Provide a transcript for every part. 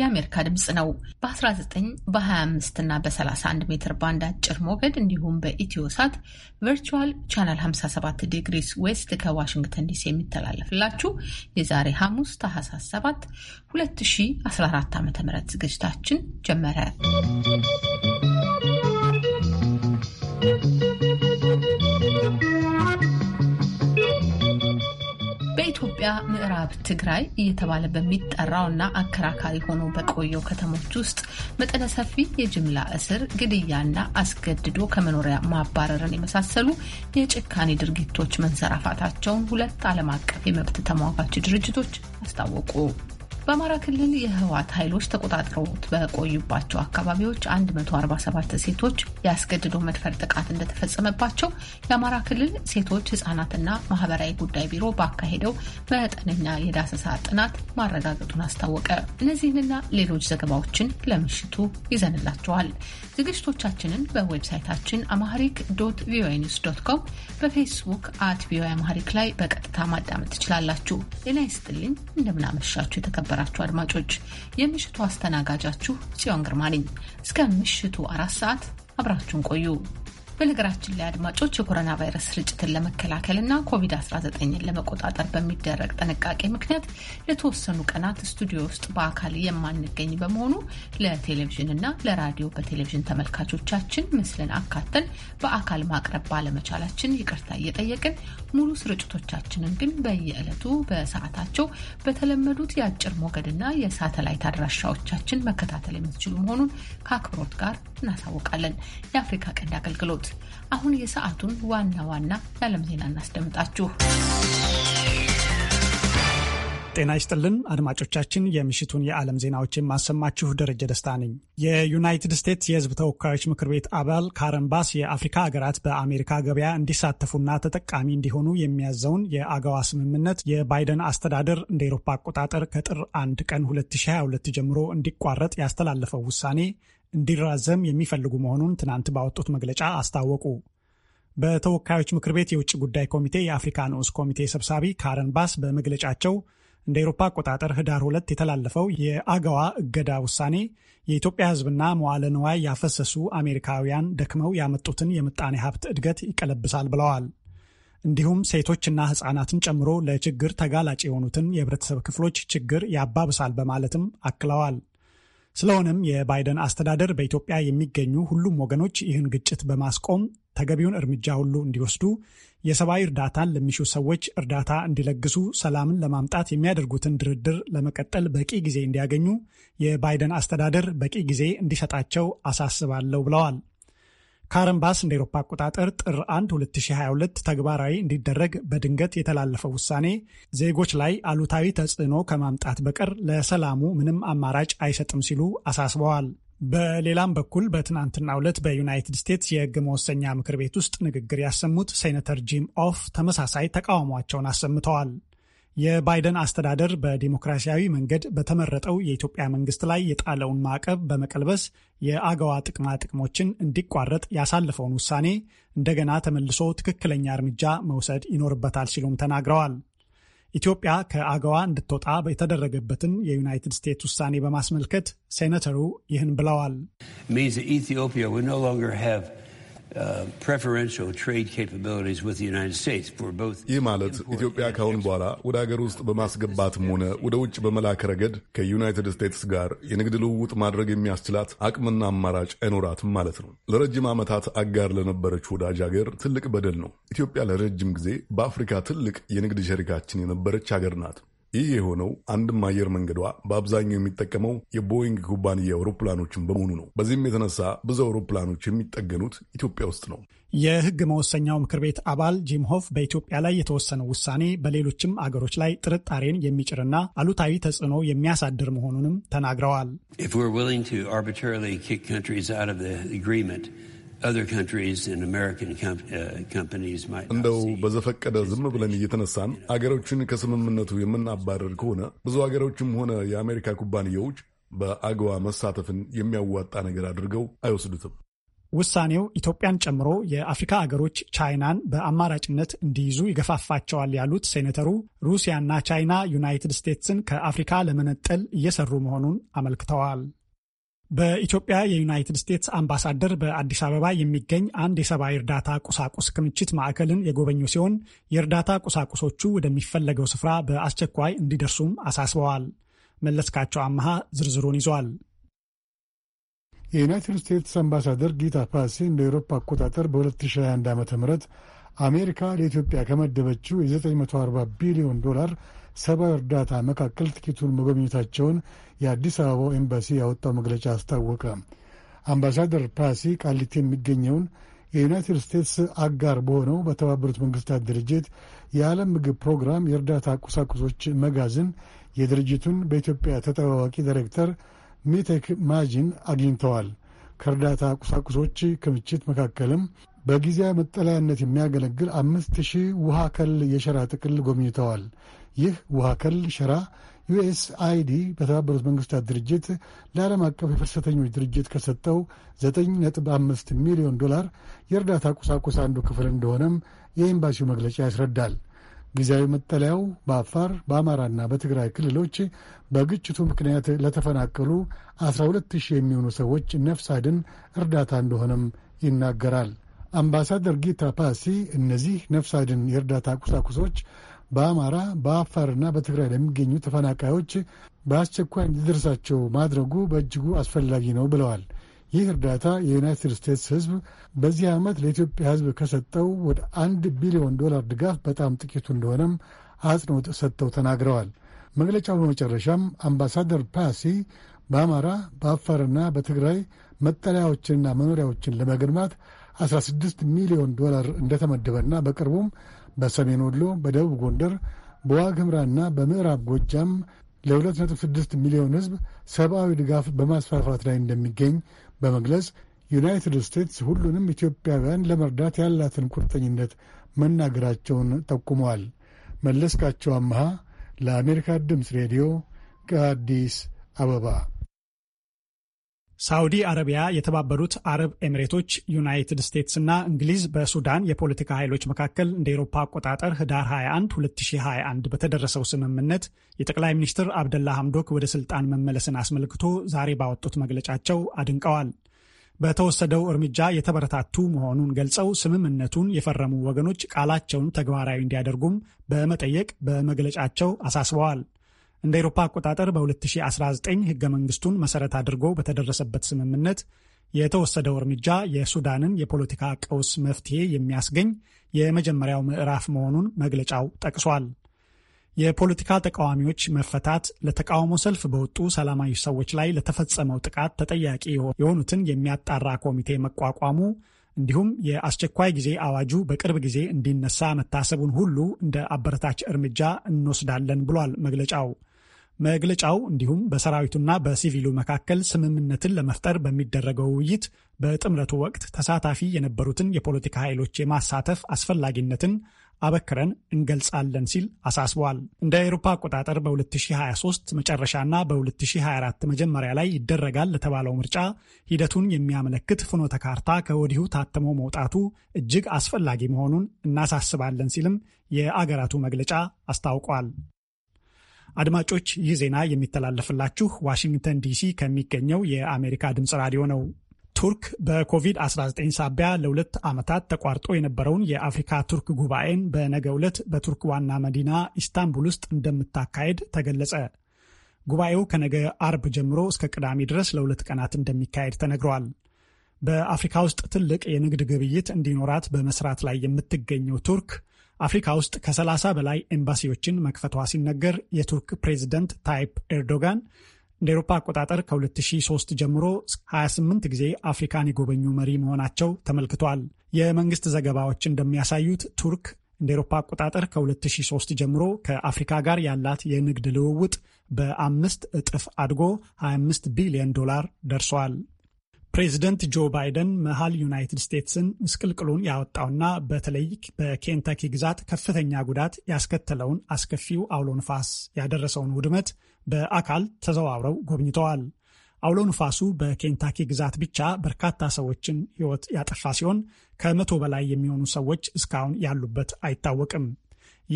የአሜሪካ ድምፅ ነው። በ19 በ25 እና በ31 ሜትር ባንድ አጭር ሞገድ እንዲሁም በኢትዮ ሳት ቨርቹዋል ቻናል 57 ዲግሪስ ዌስት ከዋሽንግተን ዲሲ የሚተላለፍላችሁ የዛሬ ሐሙስ ታህሳስ 7 2014 ዓ ም ዝግጅታችን ጀመረ። በኢትዮጵያ ምዕራብ ትግራይ እየተባለ በሚጠራውና አከራካሪ ሆኖ በቆየው ከተሞች ውስጥ መጠነ ሰፊ የጅምላ እስር፣ ግድያና አስገድዶ ከመኖሪያ ማባረርን የመሳሰሉ የጭካኔ ድርጊቶች መንሰራፋታቸውን ሁለት ዓለም አቀፍ የመብት ተሟጋች ድርጅቶች አስታወቁ። በአማራ ክልል የህወሓት ኃይሎች ተቆጣጥረውት በቆዩባቸው አካባቢዎች 147 ሴቶች የአስገድዶ መድፈር ጥቃት እንደተፈጸመባቸው የአማራ ክልል ሴቶች ህጻናትና ማህበራዊ ጉዳይ ቢሮ ባካሄደው መጠነኛ የዳሰሳ ጥናት ማረጋገጡን አስታወቀ። እነዚህንና ሌሎች ዘገባዎችን ለምሽቱ ይዘንላቸዋል ዝግጅቶቻችንን በዌብሳይታችን አማሪክ ዶት ቪኦኤ ኒውስ ዶት ኮም በፌስቡክ አት ቪኦኤ አማሪክ ላይ በቀጥታ ማዳመጥ ትችላላችሁ። ጤና ይስጥልኝ። እንደምናመሻችሁ የተከበራችሁ አድማጮች፣ የምሽቱ አስተናጋጃችሁ ጽዮን ግርማ ነኝ። እስከ ምሽቱ አራት ሰዓት አብራችሁን ቆዩ። በነገራችን ላይ አድማጮች የኮሮና ቫይረስ ስርጭትን ለመከላከልና ኮቪድ-19ን ለመቆጣጠር በሚደረግ ጥንቃቄ ምክንያት ለተወሰኑ ቀናት ስቱዲዮ ውስጥ በአካል የማንገኝ በመሆኑ ለቴሌቪዥንና ለራዲዮ በቴሌቪዥን ተመልካቾቻችን ምስልን አካተን በአካል ማቅረብ ባለመቻላችን ይቅርታ እየጠየቅን ሙሉ ስርጭቶቻችንን ግን በየዕለቱ በሰዓታቸው በተለመዱት የአጭር ሞገድና የሳተላይት አድራሻዎቻችን መከታተል የምትችሉ መሆኑን ከአክብሮት ጋር እናሳውቃለን። የአፍሪካ ቀንድ አገልግሎት አሁን የሰዓቱን ዋና ዋና የዓለም ዜና እናስደምጣችሁ። ጤና ይስጥልን አድማጮቻችን፣ የምሽቱን የዓለም ዜናዎች የማሰማችሁ ደረጀ ደስታ ነኝ። የዩናይትድ ስቴትስ የሕዝብ ተወካዮች ምክር ቤት አባል ካረን ባስ የአፍሪካ ሀገራት በአሜሪካ ገበያ እንዲሳተፉና ተጠቃሚ እንዲሆኑ የሚያዘውን የአገዋ ስምምነት የባይደን አስተዳደር እንደ ኤሮፓ አቆጣጠር ከጥር 1 ቀን 2022 ጀምሮ እንዲቋረጥ ያስተላለፈው ውሳኔ እንዲራዘም የሚፈልጉ መሆኑን ትናንት ባወጡት መግለጫ አስታወቁ። በተወካዮች ምክር ቤት የውጭ ጉዳይ ኮሚቴ የአፍሪካ ንዑስ ኮሚቴ ሰብሳቢ ካረን ባስ በመግለጫቸው እንደ ኤሮፓ አቆጣጠር ህዳር ሁለት የተላለፈው የአገዋ እገዳ ውሳኔ የኢትዮጵያ ህዝብና መዋለ ንዋይ ያፈሰሱ አሜሪካውያን ደክመው ያመጡትን የምጣኔ ሀብት እድገት ይቀለብሳል ብለዋል። እንዲሁም ሴቶችና ህጻናትን ጨምሮ ለችግር ተጋላጭ የሆኑትን የህብረተሰብ ክፍሎች ችግር ያባብሳል በማለትም አክለዋል። ስለሆነም የባይደን አስተዳደር በኢትዮጵያ የሚገኙ ሁሉም ወገኖች ይህን ግጭት በማስቆም ተገቢውን እርምጃ ሁሉ እንዲወስዱ፣ የሰብአዊ እርዳታን ለሚሹ ሰዎች እርዳታ እንዲለግሱ፣ ሰላምን ለማምጣት የሚያደርጉትን ድርድር ለመቀጠል በቂ ጊዜ እንዲያገኙ የባይደን አስተዳደር በቂ ጊዜ እንዲሰጣቸው አሳስባለሁ ብለዋል። ካረንባስ እንደ ኤሮፓ አቆጣጠር ጥር 1 2022 ተግባራዊ እንዲደረግ በድንገት የተላለፈው ውሳኔ ዜጎች ላይ አሉታዊ ተጽዕኖ ከማምጣት በቀር ለሰላሙ ምንም አማራጭ አይሰጥም ሲሉ አሳስበዋል። በሌላም በኩል በትናንትና ዕለት በዩናይትድ ስቴትስ የሕግ መወሰኛ ምክር ቤት ውስጥ ንግግር ያሰሙት ሴኔተር ጂም ኦፍ ተመሳሳይ ተቃውሟቸውን አሰምተዋል። የባይደን አስተዳደር በዲሞክራሲያዊ መንገድ በተመረጠው የኢትዮጵያ መንግስት ላይ የጣለውን ማዕቀብ በመቀልበስ የአገዋ ጥቅማ ጥቅሞችን እንዲቋረጥ ያሳለፈውን ውሳኔ እንደገና ተመልሶ ትክክለኛ እርምጃ መውሰድ ይኖርበታል ሲሉም ተናግረዋል። ኢትዮጵያ ከአገዋ እንድትወጣ የተደረገበትን የዩናይትድ ስቴትስ ውሳኔ በማስመልከት ሴኔተሩ ይህን ብለዋል። Uh, ይህ ማለት ኢትዮጵያ ካሁን በኋላ ወደ ሀገር ውስጥ በማስገባትም ሆነ ወደ ውጭ በመላክ ረገድ ከዩናይትድ ስቴትስ ጋር የንግድ ልውውጥ ማድረግ የሚያስችላት አቅምና አማራጭ አይኖራትም ማለት ነው። ለረጅም ዓመታት አጋር ለነበረች ወዳጅ ሀገር ትልቅ በደል ነው። ኢትዮጵያ ለረጅም ጊዜ በአፍሪካ ትልቅ የንግድ ሸሪካችን የነበረች ሀገር ናት። ይህ የሆነው አንድም አየር መንገዷ በአብዛኛው የሚጠቀመው የቦይንግ ኩባንያ አውሮፕላኖችን በመሆኑ ነው። በዚህም የተነሳ ብዙ አውሮፕላኖች የሚጠገኑት ኢትዮጵያ ውስጥ ነው። የሕግ መወሰኛው ምክር ቤት አባል ጂም ሆፍ በኢትዮጵያ ላይ የተወሰነው ውሳኔ በሌሎችም አገሮች ላይ ጥርጣሬን የሚጭርና አሉታዊ ተጽዕኖ የሚያሳድር መሆኑንም ተናግረዋል። Uh, እንደው በዘፈቀደ ዝም ብለን እየተነሳን አገሮችን ከስምምነቱ የምናባረር ከሆነ ብዙ አገሮችም ሆነ የአሜሪካ ኩባንያዎች በአግዋ መሳተፍን የሚያዋጣ ነገር አድርገው አይወስዱትም። ውሳኔው ኢትዮጵያን ጨምሮ የአፍሪካ አገሮች ቻይናን በአማራጭነት እንዲይዙ ይገፋፋቸዋል ያሉት ሴኔተሩ ሩሲያና ቻይና ዩናይትድ ስቴትስን ከአፍሪካ ለመነጠል እየሰሩ መሆኑን አመልክተዋል። በኢትዮጵያ የዩናይትድ ስቴትስ አምባሳደር በአዲስ አበባ የሚገኝ አንድ የሰብአዊ እርዳታ ቁሳቁስ ክምችት ማዕከልን የጎበኙ ሲሆን የእርዳታ ቁሳቁሶቹ ወደሚፈለገው ስፍራ በአስቸኳይ እንዲደርሱም አሳስበዋል። መለስካቸው አመሃ ዝርዝሩን ይዟል። የዩናይትድ ስቴትስ አምባሳደር ጊታ ፓሲ እንደ ኤሮፓ አቆጣጠር በ2021 ዓ ም አሜሪካ ለኢትዮጵያ ከመደበችው የ940 ቢሊዮን ዶላር ሰብአዊ እርዳታ መካከል ጥቂቱን መጎብኘታቸውን የአዲስ አበባው ኤምባሲ ያወጣው መግለጫ አስታወቀ። አምባሳደር ፓሲ ቃሊቲ የሚገኘውን የዩናይትድ ስቴትስ አጋር በሆነው በተባበሩት መንግስታት ድርጅት የዓለም ምግብ ፕሮግራም የእርዳታ ቁሳቁሶች መጋዘን የድርጅቱን በኢትዮጵያ ተጠባባቂ ዳይሬክተር ሚቴክ ማጂን አግኝተዋል። ከእርዳታ ቁሳቁሶች ክምችት መካከልም በጊዜያዊ መጠለያነት የሚያገለግል አምስት ሺህ ውሃ ከል የሸራ ጥቅል ጎብኝተዋል። ይህ ውሃ ከል ሸራ ዩኤስ አይዲ በተባበሩት መንግስታት ድርጅት ለዓለም አቀፍ የፍልሰተኞች ድርጅት ከሰጠው 9.5 ሚሊዮን ዶላር የእርዳታ ቁሳቁስ አንዱ ክፍል እንደሆነም የኤምባሲው መግለጫ ያስረዳል። ጊዜያዊ መጠለያው በአፋር በአማራና በትግራይ ክልሎች በግጭቱ ምክንያት ለተፈናቀሉ 12,000 የሚሆኑ ሰዎች ነፍስ አድን እርዳታ እንደሆነም ይናገራል። አምባሳደር ጊታ ፓሲ እነዚህ ነፍስ አድን የእርዳታ ቁሳቁሶች በአማራ በአፋርና በትግራይ ለሚገኙ ተፈናቃዮች በአስቸኳይ እንዲደርሳቸው ማድረጉ በእጅጉ አስፈላጊ ነው ብለዋል። ይህ እርዳታ የዩናይትድ ስቴትስ ሕዝብ በዚህ ዓመት ለኢትዮጵያ ሕዝብ ከሰጠው ወደ አንድ ቢሊዮን ዶላር ድጋፍ በጣም ጥቂቱ እንደሆነም አጽንኦት ሰጥተው ተናግረዋል። መግለጫው በመጨረሻም አምባሳደር ፓሲ በአማራ በአፋርና በትግራይ መጠለያዎችንና መኖሪያዎችን ለመገንባት 16 ሚሊዮን ዶላር እንደተመደበና በቅርቡም በሰሜን ወሎ፣ በደቡብ ጎንደር፣ በዋግ ኽምራና በምዕራብ ጎጃም ለ2.6 ሚሊዮን ሕዝብ ሰብአዊ ድጋፍ በማስፋፋት ላይ እንደሚገኝ በመግለጽ ዩናይትድ ስቴትስ ሁሉንም ኢትዮጵያውያን ለመርዳት ያላትን ቁርጠኝነት መናገራቸውን ጠቁመዋል። መለስካቸው አመሃ ለአሜሪካ ድምፅ ሬዲዮ ከአዲስ አበባ ሳውዲ አረቢያ፣ የተባበሩት አረብ ኤሚሬቶች፣ ዩናይትድ ስቴትስ እና እንግሊዝ በሱዳን የፖለቲካ ኃይሎች መካከል እንደ ኤሮፓ አቆጣጠር ህዳር 21 2021 በተደረሰው ስምምነት የጠቅላይ ሚኒስትር አብደላ ሐምዶክ ወደ ስልጣን መመለስን አስመልክቶ ዛሬ ባወጡት መግለጫቸው አድንቀዋል። በተወሰደው እርምጃ የተበረታቱ መሆኑን ገልጸው ስምምነቱን የፈረሙ ወገኖች ቃላቸውን ተግባራዊ እንዲያደርጉም በመጠየቅ በመግለጫቸው አሳስበዋል። እንደ ኤሮፓ አቆጣጠር በ2019 ህገ መንግስቱን መሰረት አድርጎ በተደረሰበት ስምምነት የተወሰደው እርምጃ የሱዳንን የፖለቲካ ቀውስ መፍትሄ የሚያስገኝ የመጀመሪያው ምዕራፍ መሆኑን መግለጫው ጠቅሷል። የፖለቲካ ተቃዋሚዎች መፈታት፣ ለተቃውሞ ሰልፍ በወጡ ሰላማዊ ሰዎች ላይ ለተፈጸመው ጥቃት ተጠያቂ የሆኑትን የሚያጣራ ኮሚቴ መቋቋሙ እንዲሁም የአስቸኳይ ጊዜ አዋጁ በቅርብ ጊዜ እንዲነሳ መታሰቡን ሁሉ እንደ አበረታች እርምጃ እንወስዳለን ብሏል መግለጫው። መግለጫው እንዲሁም በሰራዊቱና በሲቪሉ መካከል ስምምነትን ለመፍጠር በሚደረገው ውይይት በጥምረቱ ወቅት ተሳታፊ የነበሩትን የፖለቲካ ኃይሎች የማሳተፍ አስፈላጊነትን አበክረን እንገልጻለን ሲል አሳስበዋል። እንደ አውሮፓ አቆጣጠር በ2023 መጨረሻና በ2024 መጀመሪያ ላይ ይደረጋል ለተባለው ምርጫ ሂደቱን የሚያመለክት ፍኖተ ካርታ ከወዲሁ ታትሞ መውጣቱ እጅግ አስፈላጊ መሆኑን እናሳስባለን ሲልም የአገራቱ መግለጫ አስታውቋል። አድማጮች ይህ ዜና የሚተላለፍላችሁ ዋሽንግተን ዲሲ ከሚገኘው የአሜሪካ ድምፅ ራዲዮ ነው። ቱርክ በኮቪድ-19 ሳቢያ ለሁለት ዓመታት ተቋርጦ የነበረውን የአፍሪካ ቱርክ ጉባኤን በነገ ዕለት በቱርክ ዋና መዲና ኢስታንቡል ውስጥ እንደምታካሄድ ተገለጸ። ጉባኤው ከነገ አርብ ጀምሮ እስከ ቅዳሜ ድረስ ለሁለት ቀናት እንደሚካሄድ ተነግሯል። በአፍሪካ ውስጥ ትልቅ የንግድ ግብይት እንዲኖራት በመስራት ላይ የምትገኘው ቱርክ አፍሪካ ውስጥ ከ30 በላይ ኤምባሲዎችን መክፈቷ ሲነገር የቱርክ ፕሬዚደንት ታይፕ ኤርዶጋን እንደ ኤሮፓ አቆጣጠር ከ2003 ጀምሮ 28 ጊዜ አፍሪካን የጎበኙ መሪ መሆናቸው ተመልክቷል። የመንግስት ዘገባዎች እንደሚያሳዩት ቱርክ እንደ ኤሮፓ አቆጣጠር ከ2003 ጀምሮ ከአፍሪካ ጋር ያላት የንግድ ልውውጥ በአምስት እጥፍ አድጎ 25 ቢሊዮን ዶላር ደርሷል። ፕሬዚደንት ጆ ባይደን መሃል ዩናይትድ ስቴትስን ምስቅልቅሉን ያወጣውና በተለይ በኬንታኪ ግዛት ከፍተኛ ጉዳት ያስከተለውን አስከፊው አውሎ ንፋስ ያደረሰውን ውድመት በአካል ተዘዋውረው ጎብኝተዋል። አውሎ ንፋሱ በኬንታኪ ግዛት ብቻ በርካታ ሰዎችን ሕይወት ያጠፋ ሲሆን ከመቶ በላይ የሚሆኑ ሰዎች እስካሁን ያሉበት አይታወቅም።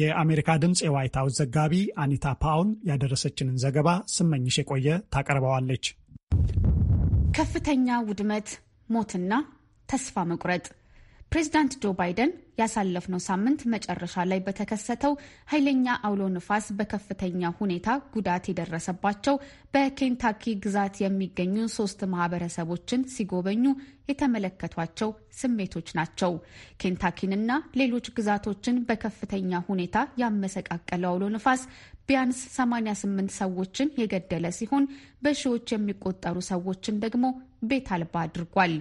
የአሜሪካ ድምፅ የዋይት ሀውስ ዘጋቢ አኒታ ፓውን ያደረሰችንን ዘገባ ስመኝሽ የቆየ ታቀርበዋለች። ከፍተኛ ውድመት፣ ሞትና ተስፋ መቁረጥ ፕሬዚዳንት ጆ ባይደን ያሳለፍነው ሳምንት መጨረሻ ላይ በተከሰተው ኃይለኛ አውሎ ንፋስ በከፍተኛ ሁኔታ ጉዳት የደረሰባቸው በኬንታኪ ግዛት የሚገኙ ሶስት ማህበረሰቦችን ሲጎበኙ የተመለከቷቸው ስሜቶች ናቸው። ኬንታኪንና ሌሎች ግዛቶችን በከፍተኛ ሁኔታ ያመሰቃቀለው አውሎ ንፋስ ቢያንስ 88 ሰዎችን የገደለ ሲሆን በሺዎች የሚቆጠሩ ሰዎችን ደግሞ ቤት አልባ አድርጓል።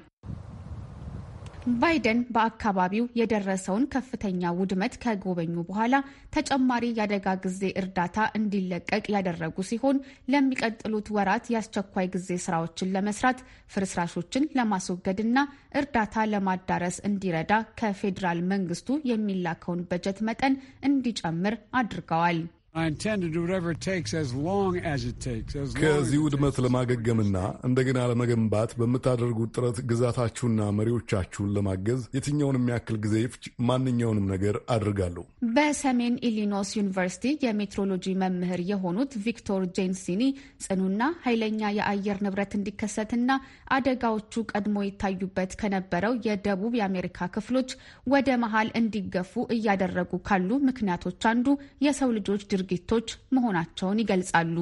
ባይደን በአካባቢው የደረሰውን ከፍተኛ ውድመት ከጎበኙ በኋላ ተጨማሪ የአደጋ ጊዜ እርዳታ እንዲለቀቅ ያደረጉ ሲሆን ለሚቀጥሉት ወራት የአስቸኳይ ጊዜ ስራዎችን ለመስራት ፍርስራሾችን ለማስወገድና እርዳታ ለማዳረስ እንዲረዳ ከፌዴራል መንግስቱ የሚላከውን በጀት መጠን እንዲጨምር አድርገዋል። ከዚህ ውድመት ለማገገምና እንደገና ለመገንባት በምታደርጉት ጥረት ግዛታችሁና መሪዎቻችሁን ለማገዝ የትኛውን የሚያክል ጊዜ ይፍጅ ማንኛውንም ነገር አድርጋለሁ። በሰሜን ኢሊኖስ ዩኒቨርሲቲ የሜትሮሎጂ መምህር የሆኑት ቪክቶር ጄንሲኒ ጽኑና ኃይለኛ የአየር ንብረት እንዲከሰትና አደጋዎቹ ቀድሞ ይታዩበት ከነበረው የደቡብ የአሜሪካ ክፍሎች ወደ መሀል እንዲገፉ እያደረጉ ካሉ ምክንያቶች አንዱ የሰው ልጆች ድር ድርጊቶች መሆናቸውን ይገልጻሉ።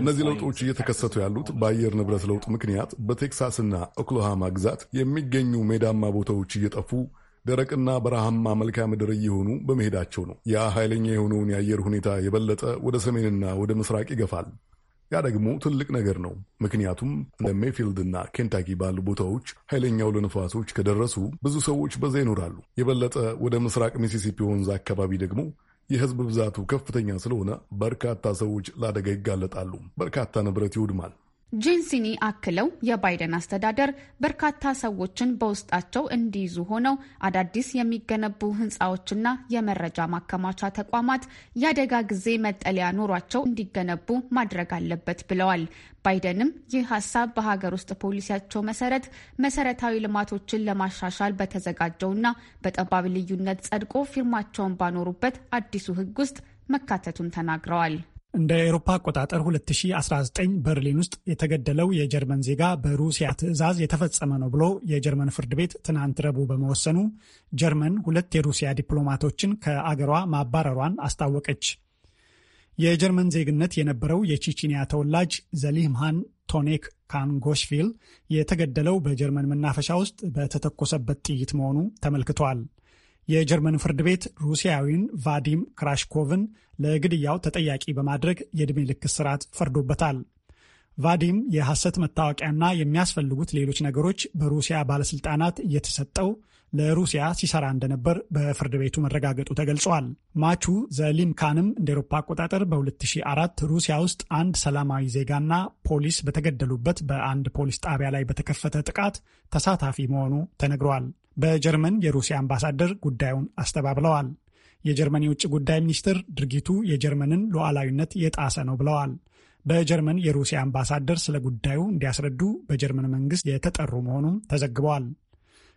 እነዚህ ለውጦች እየተከሰቱ ያሉት በአየር ንብረት ለውጥ ምክንያት በቴክሳስና ኦክሎሃማ ግዛት የሚገኙ ሜዳማ ቦታዎች እየጠፉ ደረቅና በረሃማ መልክዓ ምድር እየሆኑ በመሄዳቸው ነው። ያ ኃይለኛ የሆነውን የአየር ሁኔታ የበለጠ ወደ ሰሜንና ወደ ምስራቅ ይገፋል። ያ ደግሞ ትልቅ ነገር ነው። ምክንያቱም እንደ ሜፊልድና ኬንታኪ ባሉ ቦታዎች ኃይለኛው ለንፋሶች ከደረሱ ብዙ ሰዎች በዛ ይኖራሉ። የበለጠ ወደ ምስራቅ ሚሲሲፒ ወንዝ አካባቢ ደግሞ የህዝብ ብዛቱ ከፍተኛ ስለሆነ በርካታ ሰዎች ለአደጋ ይጋለጣሉ። በርካታ ንብረት ይውድማል። ጂንሲኒ አክለው የባይደን አስተዳደር በርካታ ሰዎችን በውስጣቸው እንዲይዙ ሆነው አዳዲስ የሚገነቡ ህንፃዎችና የመረጃ ማከማቻ ተቋማት የአደጋ ጊዜ መጠለያ ኖሯቸው እንዲገነቡ ማድረግ አለበት ብለዋል። ባይደንም ይህ ሀሳብ በሀገር ውስጥ ፖሊሲያቸው መሰረት መሰረታዊ ልማቶችን ለማሻሻል በተዘጋጀውና በጠባብ ልዩነት ጸድቆ ፊርማቸውን ባኖሩበት አዲሱ ህግ ውስጥ መካተቱን ተናግረዋል። እንደ አውሮፓ አቆጣጠር 2019 በርሊን ውስጥ የተገደለው የጀርመን ዜጋ በሩሲያ ትዕዛዝ የተፈጸመ ነው ብሎ የጀርመን ፍርድ ቤት ትናንት ረቡዕ በመወሰኑ ጀርመን ሁለት የሩሲያ ዲፕሎማቶችን ከአገሯ ማባረሯን አስታወቀች። የጀርመን ዜግነት የነበረው የቺቺኒያ ተወላጅ ዘሊምሃን ቶኔክ ካንጎሽቪል የተገደለው በጀርመን መናፈሻ ውስጥ በተተኮሰበት ጥይት መሆኑ ተመልክቷል። የጀርመን ፍርድ ቤት ሩሲያዊን ቫዲም ክራሽኮቭን ለግድያው ተጠያቂ በማድረግ የዕድሜ ልክ እስራት ፈርዶበታል። ቫዲም የሐሰት መታወቂያና የሚያስፈልጉት ሌሎች ነገሮች በሩሲያ ባለሥልጣናት እየተሰጠው ለሩሲያ ሲሰራ እንደነበር በፍርድ ቤቱ መረጋገጡ ተገልጿል። ማቹ ዘሊምካንም እንደ ኤሮፓ አቆጣጠር በ2004 ሩሲያ ውስጥ አንድ ሰላማዊ ዜጋና ፖሊስ በተገደሉበት በአንድ ፖሊስ ጣቢያ ላይ በተከፈተ ጥቃት ተሳታፊ መሆኑ ተነግሯል። በጀርመን የሩሲያ አምባሳደር ጉዳዩን አስተባብለዋል። የጀርመን የውጭ ጉዳይ ሚኒስትር ድርጊቱ የጀርመንን ሉዓላዊነት የጣሰ ነው ብለዋል። በጀርመን የሩሲያ አምባሳደር ስለ ጉዳዩ እንዲያስረዱ በጀርመን መንግስት የተጠሩ መሆኑም ተዘግበዋል።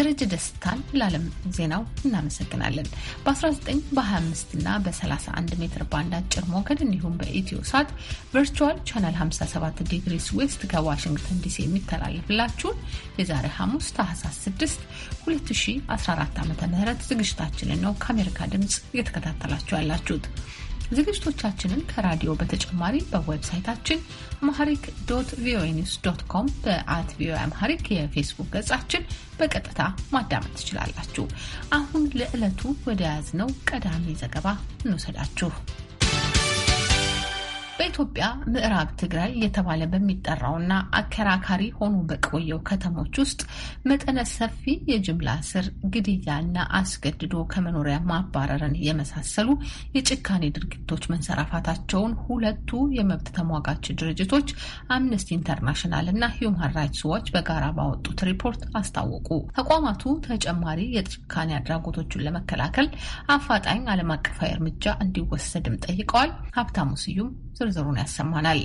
ደረጀ ደስታን ለዓለም ዜናው እናመሰግናለን። በ19 በ25 እና በ31 ሜትር ባንድ አጭር ሞገድ እንዲሁም በኢትዮ ሳት ቨርቹዋል ቻናል 57 ዲግሪስ ዌስት ከዋሽንግተን ዲሲ የሚተላለፍላችሁን የዛሬ ሐሙስ ታህሳስ 6 2014 ዓ ም ዝግጅታችንን ነው ከአሜሪካ ድምፅ እየተከታተላችሁ ያላችሁት። ዝግጅቶቻችንን ከራዲዮ በተጨማሪ በዌብሳይታችን አምሃሪክ ዶት ቪኦኤ ኒውስ ዶት ኮም በአት ቪኦኤ አምሃሪክ የፌስቡክ ገጻችን በቀጥታ ማዳመጥ ትችላላችሁ። አሁን ለዕለቱ ወደ ያዝነው ቀዳሚ ዘገባ እንውሰዳችሁ። በኢትዮጵያ ምዕራብ ትግራይ እየተባለ በሚጠራውና አከራካሪ ሆኖ በቆየው ከተሞች ውስጥ መጠነ ሰፊ የጅምላ ስር ግድያና አስገድዶ ከመኖሪያ ማባረርን የመሳሰሉ የጭካኔ ድርጊቶች መንሰራፋታቸውን ሁለቱ የመብት ተሟጋች ድርጅቶች አምነስቲ ኢንተርናሽናል እና ሂውማን ራይትስ ዋች በጋራ ባወጡት ሪፖርት አስታወቁ። ተቋማቱ ተጨማሪ የጭካኔ አድራጎቶችን ለመከላከል አፋጣኝ ዓለም አቀፋዊ እርምጃ እንዲወሰድም ጠይቀዋል። ሀብታሙ ስዩም ዝርዝሩን ያሰማናል።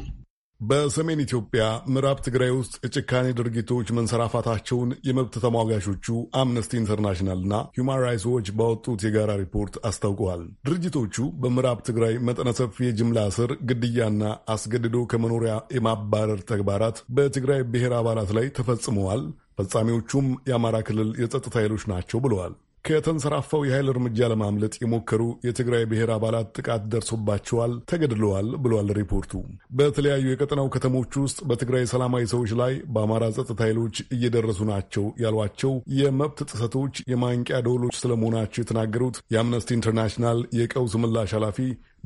በሰሜን ኢትዮጵያ ምዕራብ ትግራይ ውስጥ የጭካኔ ድርጊቶች መንሰራፋታቸውን የመብት ተሟጋቾቹ አምነስቲ ኢንተርናሽናልና ሁማን ራይትስ ዎች ባወጡት የጋራ ሪፖርት አስታውቀዋል። ድርጅቶቹ በምዕራብ ትግራይ መጠነ ሰፊ የጅምላ እስር፣ ግድያና አስገድዶ ከመኖሪያ የማባረር ተግባራት በትግራይ ብሔር አባላት ላይ ተፈጽመዋል። ፈጻሚዎቹም የአማራ ክልል የጸጥታ ኃይሎች ናቸው ብለዋል። ከተንሰራፋው የኃይል እርምጃ ለማምለጥ የሞከሩ የትግራይ ብሔር አባላት ጥቃት ደርሶባቸዋል፣ ተገድለዋል ብሏል ሪፖርቱ። በተለያዩ የቀጠናው ከተሞች ውስጥ በትግራይ ሰላማዊ ሰዎች ላይ በአማራ ጸጥታ ኃይሎች እየደረሱ ናቸው ያሏቸው የመብት ጥሰቶች የማንቂያ ደወሎች ስለመሆናቸው የተናገሩት የአምነስቲ ኢንተርናሽናል የቀውስ ምላሽ ኃላፊ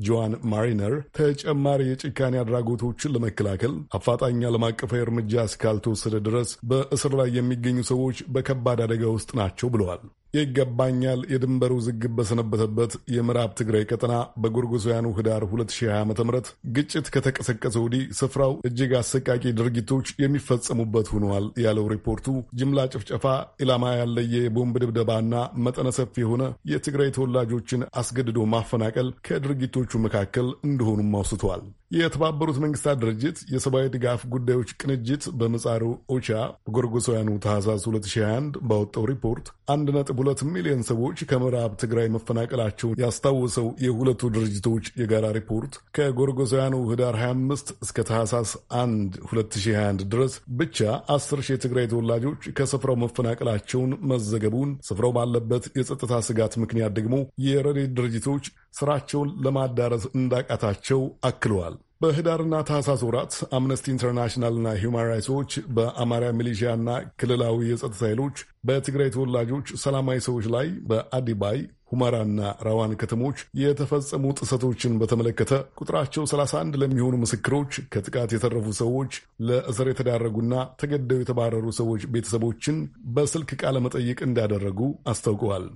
ጆዋን ማሪነር ተጨማሪ የጭካኔ አድራጎቶችን ለመከላከል አፋጣኝ ዓለም አቀፋዊ እርምጃ እስካልተወሰደ ድረስ በእስር ላይ የሚገኙ ሰዎች በከባድ አደጋ ውስጥ ናቸው ብለዋል። ይገባኛል የድንበር ውዝግብ በሰነበተበት የምዕራብ ትግራይ ቀጠና በጎርጎሳውያኑ ህዳር 2020 ዓ ም ግጭት ከተቀሰቀሰ ወዲህ ስፍራው እጅግ አሰቃቂ ድርጊቶች የሚፈጸሙበት ሆኗል ያለው ሪፖርቱ ጅምላ ጭፍጨፋ፣ ኢላማ ያለየ የቦምብ ድብደባና መጠነ ሰፊ የሆነ የትግራይ ተወላጆችን አስገድዶ ማፈናቀል ከድርጊቶቹ መካከል እንደሆኑም ማውስቷል። የተባበሩት መንግስታት ድርጅት የሰብአዊ ድጋፍ ጉዳዮች ቅንጅት በምጻሩ ኦቻ በጎርጎሳውያኑ ታህሳስ 2021 ባወጣው ሪፖርት 1.2 ሚሊዮን ሰዎች ከምዕራብ ትግራይ መፈናቀላቸውን ያስታወሰው የሁለቱ ድርጅቶች የጋራ ሪፖርት ከጎርጎሳውያኑ ህዳር 25 እስከ ታህሳስ 1 2021 ድረስ ብቻ 10 ሺህ የትግራይ ተወላጆች ከስፍራው መፈናቀላቸውን መዘገቡን፣ ስፍራው ባለበት የጸጥታ ስጋት ምክንያት ደግሞ የረድኤት ድርጅቶች ስራቸውን ለማዳረስ እንዳቃታቸው አክለዋል። በህዳርና ታህሳስ ወራት አምነስቲ ኢንተርናሽናልና ሂውማን ራይትስ ዎች በአማራ ሚሊሺያና ክልላዊ የጸጥታ ኃይሎች በትግራይ ተወላጆች ሰላማዊ ሰዎች ላይ በአዲባይ ሁመራና ራዋን ከተሞች የተፈጸሙ ጥሰቶችን በተመለከተ ቁጥራቸው 31 ለሚሆኑ ምስክሮች ከጥቃት የተረፉ ሰዎች ለእስር የተዳረጉና ተገደው የተባረሩ ሰዎች ቤተሰቦችን በስልክ ቃለ መጠይቅ እንዳደረጉ አስታውቀዋል።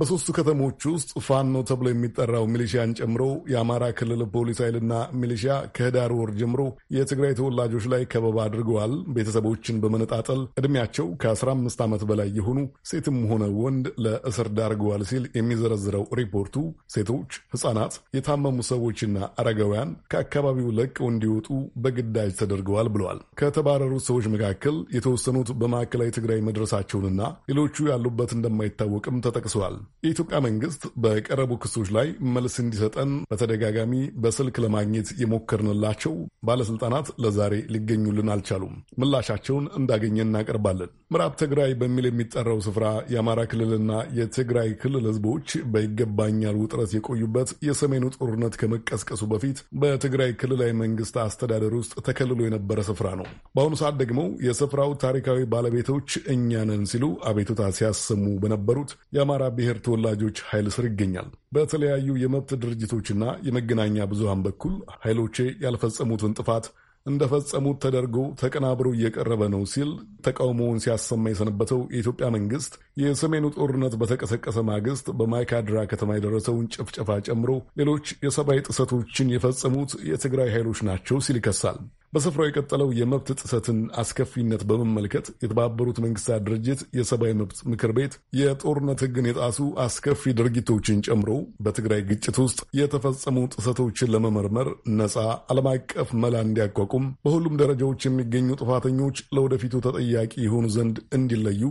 በሦስቱ ከተሞች ውስጥ ፋኖ ተብሎ የሚጠራው ሚሊሺያን ጨምሮ የአማራ ክልል ፖሊስ ኃይልና ሚሊሺያ ከህዳር ወር ጀምሮ የትግራይ ተወላጆች ላይ ከበባ አድርገዋል። ቤተሰቦችን በመነጣጠል ዕድሜያቸው ከ15 ዓመት በላይ የሆኑ ሴትም ሆነ ወንድ ለእስር ዳርገዋል ሲል የሚዘረዝረው ሪፖርቱ ሴቶች፣ ሕፃናት፣ የታመሙ ሰዎችና አረጋውያን ከአካባቢው ለቀው እንዲወጡ በግዳጅ ተደርገዋል ብለዋል። ከተባረሩት ሰዎች መካከል የተወሰኑት በማዕከላዊ ትግራይ መድረሳቸውንና ሌሎቹ ያሉበት እንደማይታወቅም ተጠቅሰዋል። የኢትዮጵያ መንግስት በቀረቡ ክሶች ላይ መልስ እንዲሰጠን በተደጋጋሚ በስልክ ለማግኘት የሞከርንላቸው ባለስልጣናት ለዛሬ ሊገኙልን አልቻሉም። ምላሻቸውን እንዳገኘ እናቀርባለን። ምዕራብ ትግራይ በሚል የሚጠራው ስፍራ የአማራ ክልልና የትግራይ ክልል ህዝቦች በይገባኛል ውጥረት የቆዩበት የሰሜኑ ጦርነት ከመቀስቀሱ በፊት በትግራይ ክልላዊ መንግስት አስተዳደር ውስጥ ተከልሎ የነበረ ስፍራ ነው። በአሁኑ ሰዓት ደግሞ የስፍራው ታሪካዊ ባለቤቶች እኛ ነን ሲሉ አቤቱታ ሲያሰሙ በነበሩት የአማራ ብሔር የብሔር ተወላጆች ኃይል ስር ይገኛል። በተለያዩ የመብት ድርጅቶችና የመገናኛ ብዙሃን በኩል ኃይሎቼ ያልፈጸሙትን ጥፋት እንደፈጸሙት ተደርጎ ተቀናብሮ እየቀረበ ነው ሲል ተቃውሞውን ሲያሰማ የሰነበተው የኢትዮጵያ መንግስት የሰሜኑ ጦርነት በተቀሰቀሰ ማግስት በማይካድራ ከተማ የደረሰውን ጭፍጨፋ ጨምሮ ሌሎች የሰብአዊ ጥሰቶችን የፈጸሙት የትግራይ ኃይሎች ናቸው ሲል ይከሳል። በስፍራው የቀጠለው የመብት ጥሰትን አስከፊነት በመመልከት የተባበሩት መንግስታት ድርጅት የሰብአዊ መብት ምክር ቤት የጦርነት ሕግን የጣሱ አስከፊ ድርጊቶችን ጨምሮ በትግራይ ግጭት ውስጥ የተፈጸሙ ጥሰቶችን ለመመርመር ነፃ ዓለም አቀፍ መላ እንዲያቋቁም፣ በሁሉም ደረጃዎች የሚገኙ ጥፋተኞች ለወደፊቱ ተጠያቂ የሆኑ ዘንድ እንዲለዩ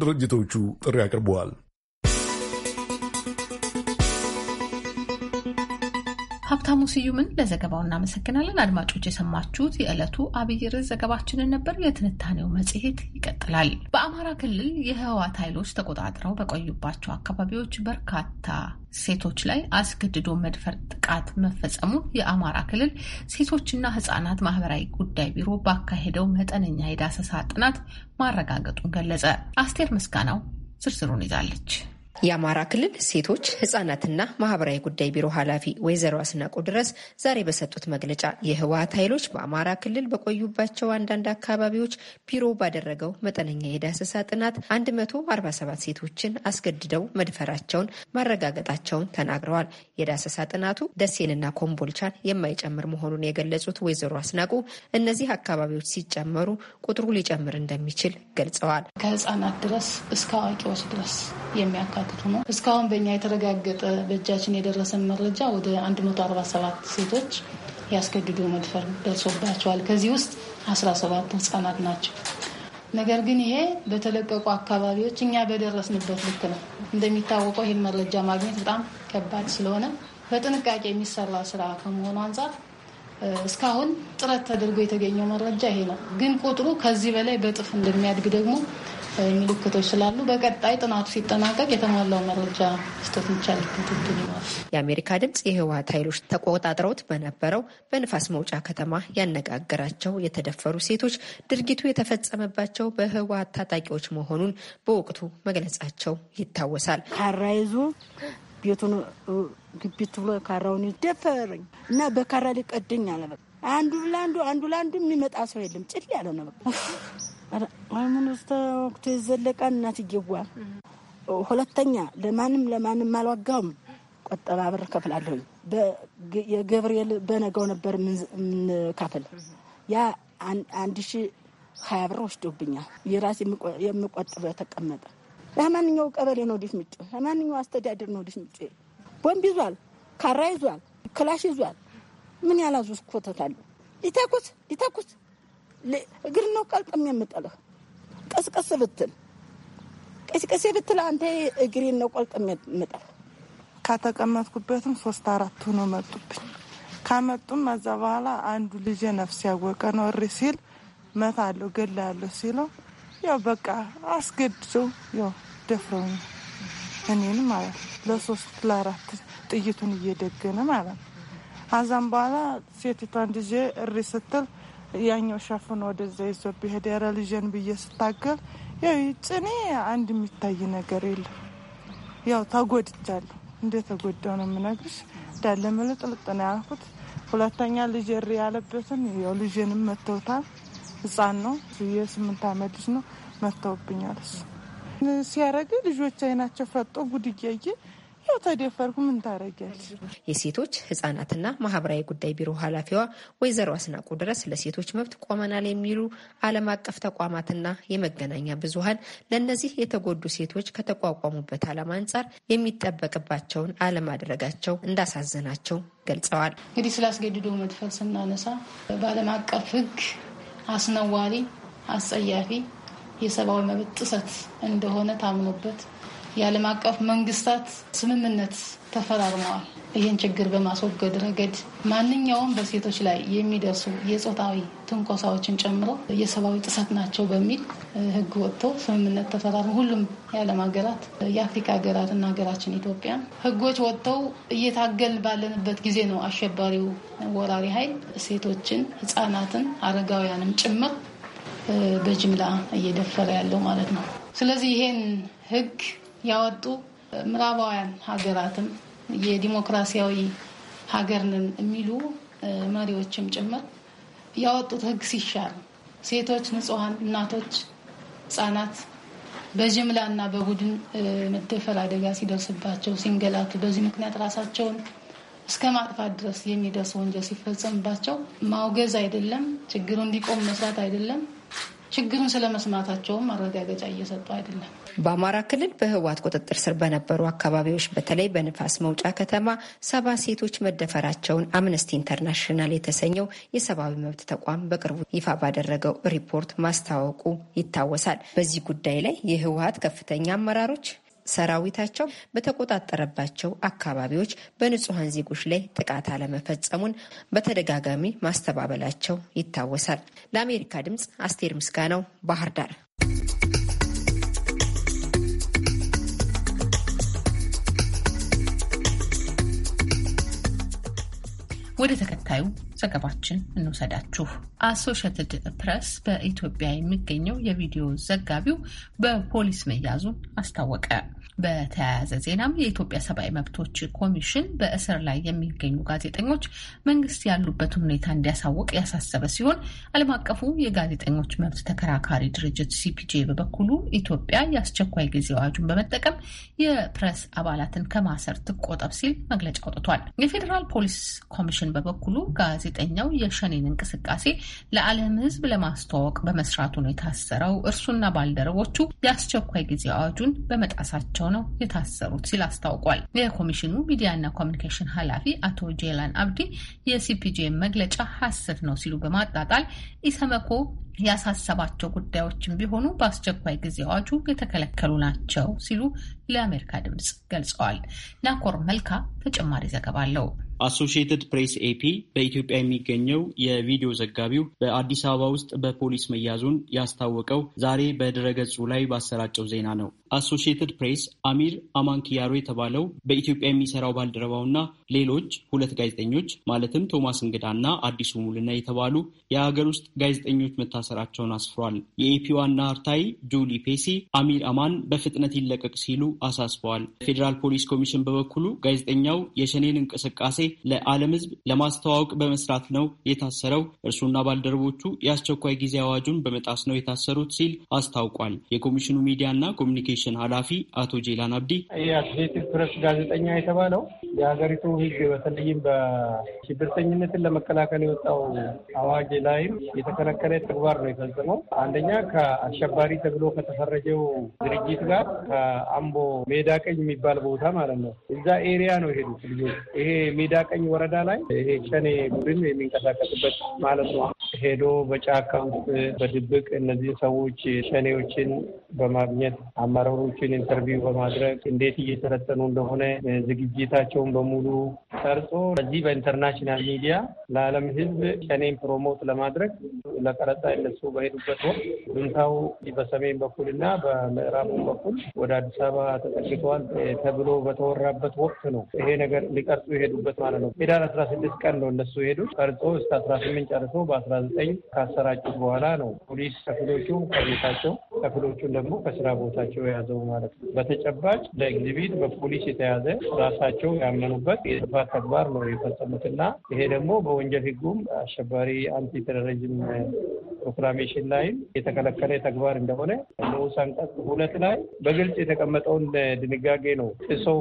ድርጅቶቹ ጥሪ አቅርበዋል። ሀብታሙ ስዩምን ለዘገባው እናመሰግናለን። አድማጮች የሰማችሁት የዕለቱ አብይ ርዕስ ዘገባችንን ነበር። የትንታኔው መጽሔት ይቀጥላል። በአማራ ክልል የህወሓት ኃይሎች ተቆጣጥረው በቆዩባቸው አካባቢዎች በርካታ ሴቶች ላይ አስገድዶ መድፈር ጥቃት መፈጸሙን የአማራ ክልል ሴቶችና ህጻናት ማህበራዊ ጉዳይ ቢሮ ባካሄደው መጠነኛ የዳሰሳ ጥናት ማረጋገጡን ገለጸ። አስቴር ምስጋናው ዝርዝሩን ይዛለች። የአማራ ክልል ሴቶች ህጻናትና ማህበራዊ ጉዳይ ቢሮ ኃላፊ ወይዘሮ አስናቆ ድረስ ዛሬ በሰጡት መግለጫ የህወሀት ኃይሎች በአማራ ክልል በቆዩባቸው አንዳንድ አካባቢዎች ቢሮ ባደረገው መጠነኛ የዳሰሳ ጥናት 147 ሴቶችን አስገድደው መድፈራቸውን ማረጋገጣቸውን ተናግረዋል። የዳሰሳ ጥናቱ ደሴንና ኮምቦልቻን የማይጨምር መሆኑን የገለጹት ወይዘሮ አስናቁ እነዚህ አካባቢዎች ሲጨመሩ ቁጥሩ ሊጨምር እንደሚችል ገልጸዋል። ከህጻናት ድረስ እስከ አዋቂዎች ድረስ የሚያካ የሚያካትቱ ነው። እስካሁን በኛ የተረጋገጠ በእጃችን የደረሰን መረጃ ወደ 147 ሴቶች ያስገድዶ መድፈር ደርሶባቸዋል። ከዚህ ውስጥ 17 ህጻናት ናቸው። ነገር ግን ይሄ በተለቀቁ አካባቢዎች እኛ በደረስንበት ልክ ነው። እንደሚታወቀው ይህን መረጃ ማግኘት በጣም ከባድ ስለሆነ በጥንቃቄ የሚሰራ ስራ ከመሆኑ አንጻር እስካሁን ጥረት ተደርጎ የተገኘው መረጃ ይሄ ነው። ግን ቁጥሩ ከዚህ በላይ በእጥፍ እንደሚያድግ ደግሞ ምልክቶች ስላሉ በቀጣይ ጥናቱ ሲጠናቀቅ የተሟላው መረጃ ስቶት የሚቻልበት እድል የአሜሪካ ድምጽ የህወሀት ኃይሎች ተቆጣጥረውት በነበረው በንፋስ መውጫ ከተማ ያነጋገራቸው የተደፈሩ ሴቶች ድርጊቱ የተፈጸመባቸው በህወሀት ታጣቂዎች መሆኑን በወቅቱ መግለጻቸው ይታወሳል። ካራ ይዞ ቤቱን ግቢት ብሎ ካራውን ይደፈረኝ እና በካራ ሊቀደኝ አለ። አንዱ ለአንዱ አንዱ ለአንዱ የሚመጣ ሰው የለም። ጭል ያለ ነው። ሃይማኖት ተወቅቶ የዘለቀ እናትዬዋ ሁለተኛ ለማንም ለማንም አልዋጋውም። ቆጠባ ብር ከፍላለሁኝ። የገብርኤል በነገው ነበር የምንከፍል ያ አንድ ሺ ሀያ ብር ወስዶብኛል። የራሴ የምቆጥበው የተቀመጠ ለማንኛው ቀበሌ ነው ዲፍ ምጭ ለማንኛው አስተዳደር ነው ዲፍ ምጭ ቦምብ ይዟል፣ ካራ ይዟል፣ ክላሽ ይዟል። ምን ያላዙ ስኮተታሉ ሊተኩስ ሊተኩስ እግር ነው ቀልቅም የምጥልህ። ቀስቀስ ብትል ቀስቀሴ ብትል አንተ እግሬን ነው ቆልቅም የምጥልህ። ከተቀመጥኩበትም ሶስት አራት ሆኖ መጡብኝ። ከመጡም እዛ በኋላ አንዱ ልጄ ነፍስ ያወቀ ነው እሪ ሲል መታለሁ ገላለሁ ሲለው ያው በቃ አስገድዘው ያው ደፍረውኝ እኔን ማለት ለሶስት ለአራት ጥይቱን እየደገነ ማለት ነው። አዛም በኋላ ሴቲቷን ልጄ እሪ ስትል ያኛው ሸፍኖ ወደዛ ይዞ ቢሄድ የረሊዥን ብዬ ስታገል ያው ጭኔ አንድ የሚታይ ነገር የለም። ያው ተጎድቻለሁ። እንደ ተጎዳው ነው የምነግርሽ። ዳለ ምልጥልጥ ነው ያልኩት። ሁለተኛ ልጅ ሪ ያለበትን ያው ልጅንም መተውታል። ህፃን ነው የስምንት አመት ልጅ ነው መተውብኛል። እሱ ሲያረግ ልጆች አይናቸው ፈጦ ጉድ እያየ ያው ተደፈርኩ፣ ምን ታደርጊያለሽ? የሴቶች ህጻናትና ማህበራዊ ጉዳይ ቢሮ ኃላፊዋ ወይዘሮ አስናቁ ድረስ ለሴቶች መብት ቆመናል የሚሉ ዓለም አቀፍ ተቋማትና የመገናኛ ብዙሀን ለእነዚህ የተጎዱ ሴቶች ከተቋቋሙበት ዓላማ አንጻር የሚጠበቅባቸውን አለማድረጋቸው እንዳሳዘናቸው ገልጸዋል። እንግዲህ ስላስገድዶ መድፈር ስናነሳ በዓለም አቀፍ ህግ አስነዋሪ፣ አስጸያፊ የሰብአዊ መብት ጥሰት እንደሆነ ታምኖበት የዓለም አቀፍ መንግስታት ስምምነት ተፈራርመዋል። ይህን ችግር በማስወገድ ረገድ ማንኛውም በሴቶች ላይ የሚደርሱ የጾታዊ ትንኮሳዎችን ጨምሮ የሰብአዊ ጥሰት ናቸው በሚል ህግ ወጥቶ ስምምነት ተፈራርሞ ሁሉም የዓለም ሀገራት የአፍሪካ ሀገራት እና ሀገራችን ኢትዮጵያ ህጎች ወጥተው እየታገል ባለንበት ጊዜ ነው አሸባሪው ወራሪ ኃይል ሴቶችን፣ ህጻናትን፣ አረጋውያንም ጭምር በጅምላ እየደፈረ ያለው ማለት ነው። ስለዚህ ይሄን ህግ? ያወጡ ምዕራባውያን ሀገራትም የዲሞክራሲያዊ ሀገር ነን የሚሉ መሪዎችም ጭምር ያወጡት ህግ ሲሻር ሴቶች፣ ንጹሐን እናቶች፣ ህጻናት በጅምላ እና በቡድን መደፈር አደጋ ሲደርስባቸው ሲንገላቱ በዚህ ምክንያት ራሳቸውን እስከ ማጥፋት ድረስ የሚደርስ ወንጀል ሲፈጸምባቸው ማውገዝ አይደለም፣ ችግሩ እንዲቆም መስራት አይደለም፣ ችግሩን ስለመስማታቸውም ማረጋገጫ እየሰጡ አይደለም። በአማራ ክልል በህወሓት ቁጥጥር ስር በነበሩ አካባቢዎች በተለይ በንፋስ መውጫ ከተማ ሰባ ሴቶች መደፈራቸውን አምነስቲ ኢንተርናሽናል የተሰኘው የሰብአዊ መብት ተቋም በቅርቡ ይፋ ባደረገው ሪፖርት ማስታወቁ ይታወሳል። በዚህ ጉዳይ ላይ የህወሓት ከፍተኛ አመራሮች ሰራዊታቸው በተቆጣጠረባቸው አካባቢዎች በንጹሐን ዜጎች ላይ ጥቃት አለመፈጸሙን በተደጋጋሚ ማስተባበላቸው ይታወሳል። ለአሜሪካ ድምፅ አስቴር ምስጋናው ባህር ዳር ወደ ተከታዩ ዘገባችን እንውሰዳችሁ። አሶሽየትድ ፕሬስ በኢትዮጵያ የሚገኘው የቪዲዮ ዘጋቢው በፖሊስ መያዙን አስታወቀ። በተያያዘ ዜናም የኢትዮጵያ ሰብአዊ መብቶች ኮሚሽን በእስር ላይ የሚገኙ ጋዜጠኞች መንግስት ያሉበትን ሁኔታ እንዲያሳውቅ ያሳሰበ ሲሆን ዓለም አቀፉ የጋዜጠኞች መብት ተከራካሪ ድርጅት ሲፒጄ በበኩሉ ኢትዮጵያ የአስቸኳይ ጊዜ አዋጁን በመጠቀም የፕሬስ አባላትን ከማሰር ትቆጠብ ሲል መግለጫ አውጥቷል። የፌዴራል ፖሊስ ኮሚሽን በበኩሉ ጋዜ ጋዜጠኛው የሸኔን እንቅስቃሴ ለዓለም ሕዝብ ለማስተዋወቅ በመስራቱ ነው የታሰረው። እርሱና ባልደረቦቹ የአስቸኳይ ጊዜ አዋጁን በመጣሳቸው ነው የታሰሩት ሲል አስታውቋል። የኮሚሽኑ ሚዲያና ኮሚኒኬሽን ኃላፊ አቶ ጄላን አብዲ የሲፒጄ መግለጫ ሐሰት ነው ሲሉ በማጣጣል ኢሰመኮ ያሳሰባቸው ጉዳዮችን ቢሆኑ በአስቸኳይ ጊዜ አዋጁ የተከለከሉ ናቸው ሲሉ ለአሜሪካ ድምፅ ገልጸዋል። ናኮር መልካ ተጨማሪ ዘገባ አለው። አሶሺየትድ ፕሬስ ኤፒ በኢትዮጵያ የሚገኘው የቪዲዮ ዘጋቢው በአዲስ አበባ ውስጥ በፖሊስ መያዙን ያስታወቀው ዛሬ በድረገጹ ላይ ባሰራጨው ዜና ነው። አሶሺየትድ ፕሬስ አሚር አማንኪያሮ የተባለው በኢትዮጵያ የሚሰራው ባልደረባውና ሌሎች ሁለት ጋዜጠኞች ማለትም ቶማስ እንግዳና አዲሱ ሙልና የተባሉ የሀገር ውስጥ ጋዜጠኞች መታሰራቸውን አስፍሯል። የኤፒ ዋና አርታይ ጁሊ ፔሲ አሚር አማን በፍጥነት ይለቀቅ ሲሉ አሳስበዋል። ፌዴራል ፖሊስ ኮሚሽን በበኩሉ ጋዜጠኛው የሸኔን እንቅስቃሴ ለዓለም ሕዝብ ለማስተዋወቅ በመስራት ነው የታሰረው፣ እርሱና ባልደረቦቹ የአስቸኳይ ጊዜ አዋጁን በመጣስ ነው የታሰሩት ሲል አስታውቋል። የኮሚሽኑ ሚዲያና ኮሚኒኬሽን ኮሚኒኬሽን ኃላፊ አቶ ጄላን አብዲ የአትሌቲክ ፕሬስ ጋዜጠኛ የተባለው የሀገሪቱ ሕግ በተለይም በሽብርተኝነትን ለመከላከል የወጣው አዋጅ ላይም የተከለከለ ተግባር ነው የፈጸመው። አንደኛ ከአሸባሪ ተብሎ ከተፈረጀው ድርጅት ጋር ከአምቦ ሜዳ ቀኝ የሚባል ቦታ ማለት ነው እዛ ኤሪያ ነው ይሄዱት ልጆች። ይሄ ሜዳ ቀኝ ወረዳ ላይ ይሄ ሸኔ ቡድን የሚንቀሳቀስበት ማለት ነው። ሄዶ በጫካ ውስጥ በድብቅ እነዚህ ሰዎች ሸኔዎችን በማግኘት አመራሮችን ኢንተርቪው በማድረግ እንዴት እየሰለጠኑ እንደሆነ ዝግጅታቸውን በሙሉ ቀርጾ በዚህ በኢንተርናሽናል ሚዲያ ለዓለም ሕዝብ ሸኔን ፕሮሞት ለማድረግ ለቀረጻ እነሱ በሄዱበት ወቅት ጁንታው በሰሜን በኩል እና በምዕራቡ በኩል ወደ አዲስ አበባ ተጠግተዋል ተብሎ በተወራበት ወቅት ነው ይሄ ነገር ሊቀርጹ የሄዱበት ማለት ነው። ሄዳር አስራ ስድስት ቀን ነው እነሱ የሄዱት ቀርጾ እስከ አስራ ስምንት ጨርሶ በአስራ አሰልጠኝ ካሰራጩ በኋላ ነው ፖሊስ ከፊሎቹ ከቤታቸው ከፊሎቹን ደግሞ ከስራ ቦታቸው የያዘው ማለት ነው። በተጨባጭ ለኤግዚቢት በፖሊስ የተያዘ ራሳቸው ያመኑበት የጥፋት ተግባር ነው የፈጸሙትና ይሄ ደግሞ በወንጀል ህጉም አሸባሪ አንቲ ቴሮሪዝም ፕሮክላሜሽን ላይ የተከለከለ ተግባር እንደሆነ ንዑስ አንቀጽ ሁለት ላይ በግልጽ የተቀመጠውን ድንጋጌ ነው ጥሰው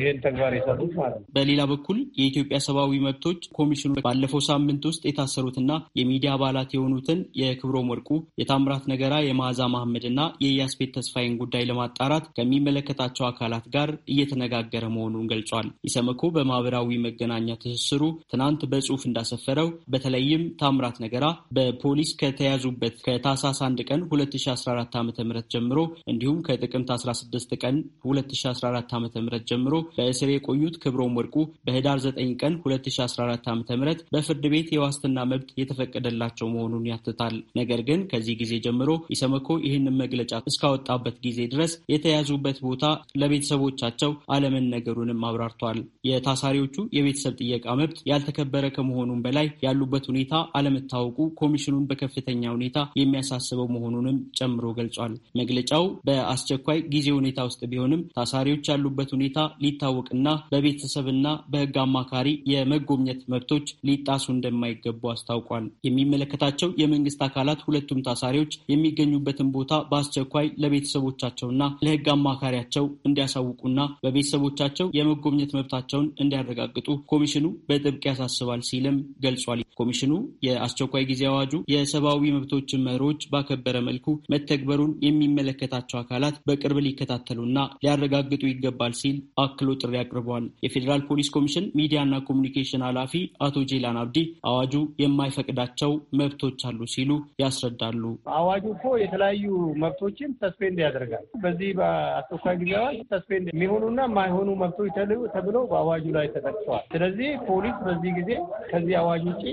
ይህን ተግባር የሰሩት ማለት ነው። በሌላ በኩል የኢትዮጵያ ሰብአዊ መብቶች ኮሚሽኑ ባለፈው ሳምንት ውስጥ የታሰሩትና የሚ የሚዲያ አባላት የሆኑትን የክብሮም ወርቁ፣ የታምራት ነገራ፣ የመዓዛ መሐመድ እና የኢያስቤት ተስፋይን ጉዳይ ለማጣራት ከሚመለከታቸው አካላት ጋር እየተነጋገረ መሆኑን ገልጿል። ኢሰመኮ በማህበራዊ መገናኛ ትስስሩ ትናንት በጽሁፍ እንዳሰፈረው በተለይም ታምራት ነገራ በፖሊስ ከተያዙበት ከታህሳስ 1 ቀን 2014 ዓ ም ጀምሮ እንዲሁም ከጥቅምት 16 ቀን 2014 ዓ ም ጀምሮ በእስር የቆዩት ክብሮም ወርቁ በህዳር 9 ቀን 2014 ዓ ም በፍርድ ቤት የዋስትና መብት የተፈቀደ የፈቀደላቸው መሆኑን ያትታል። ነገር ግን ከዚህ ጊዜ ጀምሮ ኢሰመኮ ይህንን መግለጫ እስካወጣበት ጊዜ ድረስ የተያዙበት ቦታ ለቤተሰቦቻቸው አለመነገሩንም አብራርቷል። የታሳሪዎቹ የቤተሰብ ጥየቃ መብት ያልተከበረ ከመሆኑን በላይ ያሉበት ሁኔታ አለመታወቁ ኮሚሽኑን በከፍተኛ ሁኔታ የሚያሳስበው መሆኑንም ጨምሮ ገልጿል። መግለጫው በአስቸኳይ ጊዜ ሁኔታ ውስጥ ቢሆንም ታሳሪዎች ያሉበት ሁኔታ ሊታወቅና በቤተሰብና በሕግ አማካሪ የመጎብኘት መብቶች ሊጣሱ እንደማይገቡ አስታውቋል። የሚመለከታቸው የመንግስት አካላት ሁለቱም ታሳሪዎች የሚገኙበትን ቦታ በአስቸኳይ ለቤተሰቦቻቸውና ለህግ አማካሪያቸው እንዲያሳውቁና በቤተሰቦቻቸው የመጎብኘት መብታቸውን እንዲያረጋግጡ ኮሚሽኑ በጥብቅ ያሳስባል ሲልም ገልጿል። ኮሚሽኑ የአስቸኳይ ጊዜ አዋጁ የሰብአዊ መብቶችን መሮች ባከበረ መልኩ መተግበሩን የሚመለከታቸው አካላት በቅርብ ሊከታተሉና ሊያረጋግጡ ይገባል ሲል አክሎ ጥሪ አቅርበዋል። የፌዴራል ፖሊስ ኮሚሽን ሚዲያና ኮሚኒኬሽን ኃላፊ አቶ ጄላን አብዲ አዋጁ የማይፈቅዳቸው ያላቸው መብቶች አሉ ሲሉ ያስረዳሉ። አዋጁ እኮ የተለያዩ መብቶችን ሰስፔንድ ያደርጋል። በዚህ በአስቸኳይ ጊዜ አዋጅ ሰስፔንድ የሚሆኑና የማይሆኑ መብቶች ተብለው በአዋጁ ላይ ተጠቅሰዋል። ስለዚህ ፖሊስ በዚህ ጊዜ ከዚህ አዋጅ ውጭ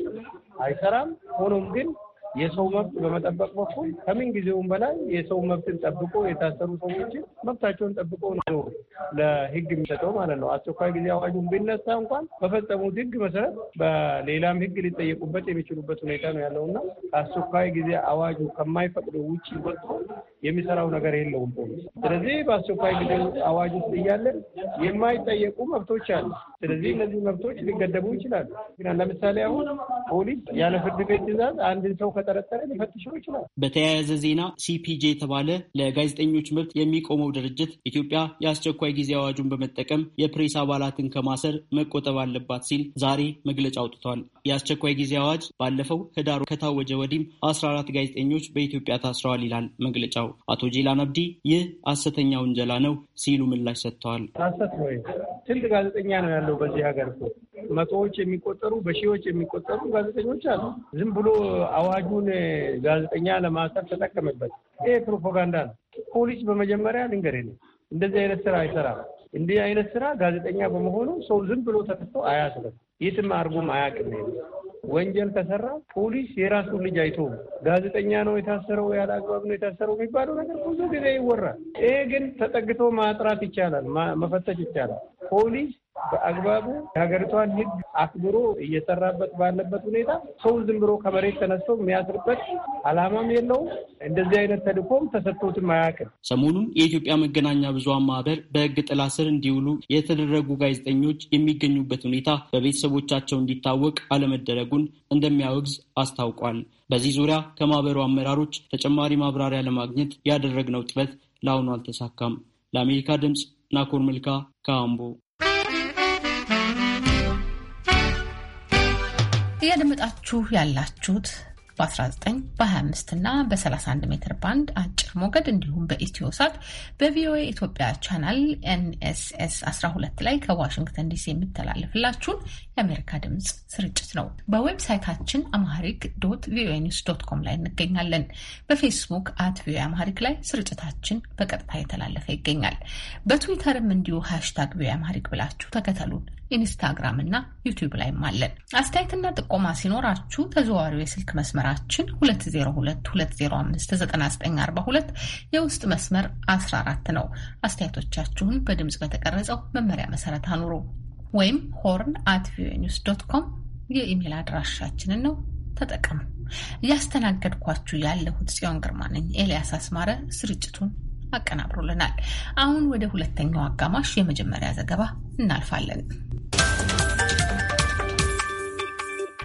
አይሰራም። ሆኖም ግን የሰው መብት በመጠበቅ በኩል ከምን ጊዜውም በላይ የሰው መብትን ጠብቆ የታሰሩ ሰዎችን መብታቸውን ጠብቆ ነው ለህግ የሚሰጠው ማለት ነው። አስቸኳይ ጊዜ አዋጁን ቢነሳ እንኳን በፈጸሙት ህግ መሰረት በሌላም ህግ ሊጠየቁበት የሚችሉበት ሁኔታ ነው ያለው እና ከአስቸኳይ ጊዜ አዋጁ ከማይፈቅደው ውጭ ወጥቶ የሚሰራው ነገር የለውም ፖሊስ። ስለዚህ በአስቸኳይ ጊዜ አዋጅ ውስጥ እያለን የማይጠየቁ መብቶች አሉ። ስለዚህ እነዚህ መብቶች ሊገደቡ ይችላሉ። ለምሳሌ አሁን ፖሊስ ያለ ፍርድ ቤት ትዕዛዝ አንድን ሰው ከጠረጠረ ሊፈትሸው ይችላል። በተያያዘ ዜና ሲፒጄ የተባለ ለጋዜጠኞች መብት የሚቆመው ድርጅት ኢትዮጵያ የአስቸኳይ ጊዜ አዋጁን በመጠቀም የፕሬስ አባላትን ከማሰር መቆጠብ አለባት ሲል ዛሬ መግለጫ አውጥቷል። የአስቸኳይ ጊዜ አዋጅ ባለፈው ህዳሩ ከታወጀ ወዲህም አስራ አራት ጋዜጠኞች በኢትዮጵያ ታስረዋል ይላል መግለጫው። አቶ ጄላን አብዲ ይህ ሐሰተኛ ውንጀላ ነው ሲሉ ምላሽ ሰጥተዋል። ሐሰት ነው። ስንት ጋዜጠኛ ነው ያለው በዚህ ሀገር? መቶዎች የሚቆጠሩ በሺዎች የሚቆጠሩ ጋዜጠኞች አሉ። ዝም ብሎ አዋጁን ጋዜጠኛ ለማሰር ተጠቀመበት። ይሄ ፕሮፓጋንዳ ነው። ፖሊስ በመጀመሪያ ልንገሬ ነው እንደዚህ አይነት ስራ አይሰራም። እንዲህ አይነት ስራ ጋዜጠኛ በመሆኑ ሰው ዝም ብሎ ተከስቶ አያስብም። የትም አድርጎም አያውቅም። ወንጀል ከሰራ ፖሊስ የራሱን ልጅ አይቶ ጋዜጠኛ ነው የታሰረው፣ ያለ አግባብ ነው የታሰረው የሚባለው ነገር ብዙ ጊዜ ይወራል። ይሄ ግን ተጠግቶ ማጥራት ይቻላል፣ መፈተሽ ይቻላል። ፖሊስ በአግባቡ የሀገሪቷን ሕግ አክብሮ እየሰራበት ባለበት ሁኔታ ሰው ዝም ብሎ ከመሬት ተነስቶ የሚያስርበት አላማም የለውም። እንደዚህ አይነት ተልእኮም ተሰጥቶትም አያውቅም። ሰሞኑን የኢትዮጵያ መገናኛ ብዙሃን ማህበር በህግ ጥላ ስር እንዲውሉ የተደረጉ ጋዜጠኞች የሚገኙበት ሁኔታ በቤተሰቦቻቸው እንዲታወቅ አለመደረጉን እንደሚያወግዝ አስታውቋል። በዚህ ዙሪያ ከማህበሩ አመራሮች ተጨማሪ ማብራሪያ ለማግኘት ያደረግነው ጥረት ለአሁኑ አልተሳካም። ለአሜሪካ ድምፅ ናኮር መልካ ከአምቦ እያደመጣችሁ ያላችሁት በ19 በ25 እና በ31 ሜትር ባንድ አጭር ሞገድ እንዲሁም በኢትዮ ሳት በቪኦኤ ኢትዮጵያ ቻናል ኤንኤስኤስ 12 ላይ ከዋሽንግተን ዲሲ የሚተላለፍላችሁን የአሜሪካ ድምፅ ስርጭት ነው። በዌብሳይታችን አማሪክ ዶት ቪኦኤ ኒውስ ዶት ኮም ላይ እንገኛለን። በፌስቡክ አት ቪኦኤ አማሪክ ላይ ስርጭታችን በቀጥታ የተላለፈ ይገኛል። በትዊተርም እንዲሁ ሃሽታግ ቪኦኤ አማሪክ ብላችሁ ተከተሉን ኢንስታግራም እና ዩቲዩብ ላይም አለን። አስተያየትና ጥቆማ ሲኖራችሁ ተዘዋሪው የስልክ መስመራችን 2022059942 የውስጥ መስመር 14 ነው። አስተያየቶቻችሁን በድምፅ በተቀረጸው መመሪያ መሰረት አኑሩ። ወይም ሆርን አት ቪኦኤ ኒውስ ዶት ኮም የኢሜል አድራሻችንን ነው ተጠቀሙ። እያስተናገድኳችሁ ያለሁት ጽዮን ግርማ ነኝ። ኤልያስ አስማረ ስርጭቱን አቀናብሮልናል። አሁን ወደ ሁለተኛው አጋማሽ የመጀመሪያ ዘገባ እናልፋለን።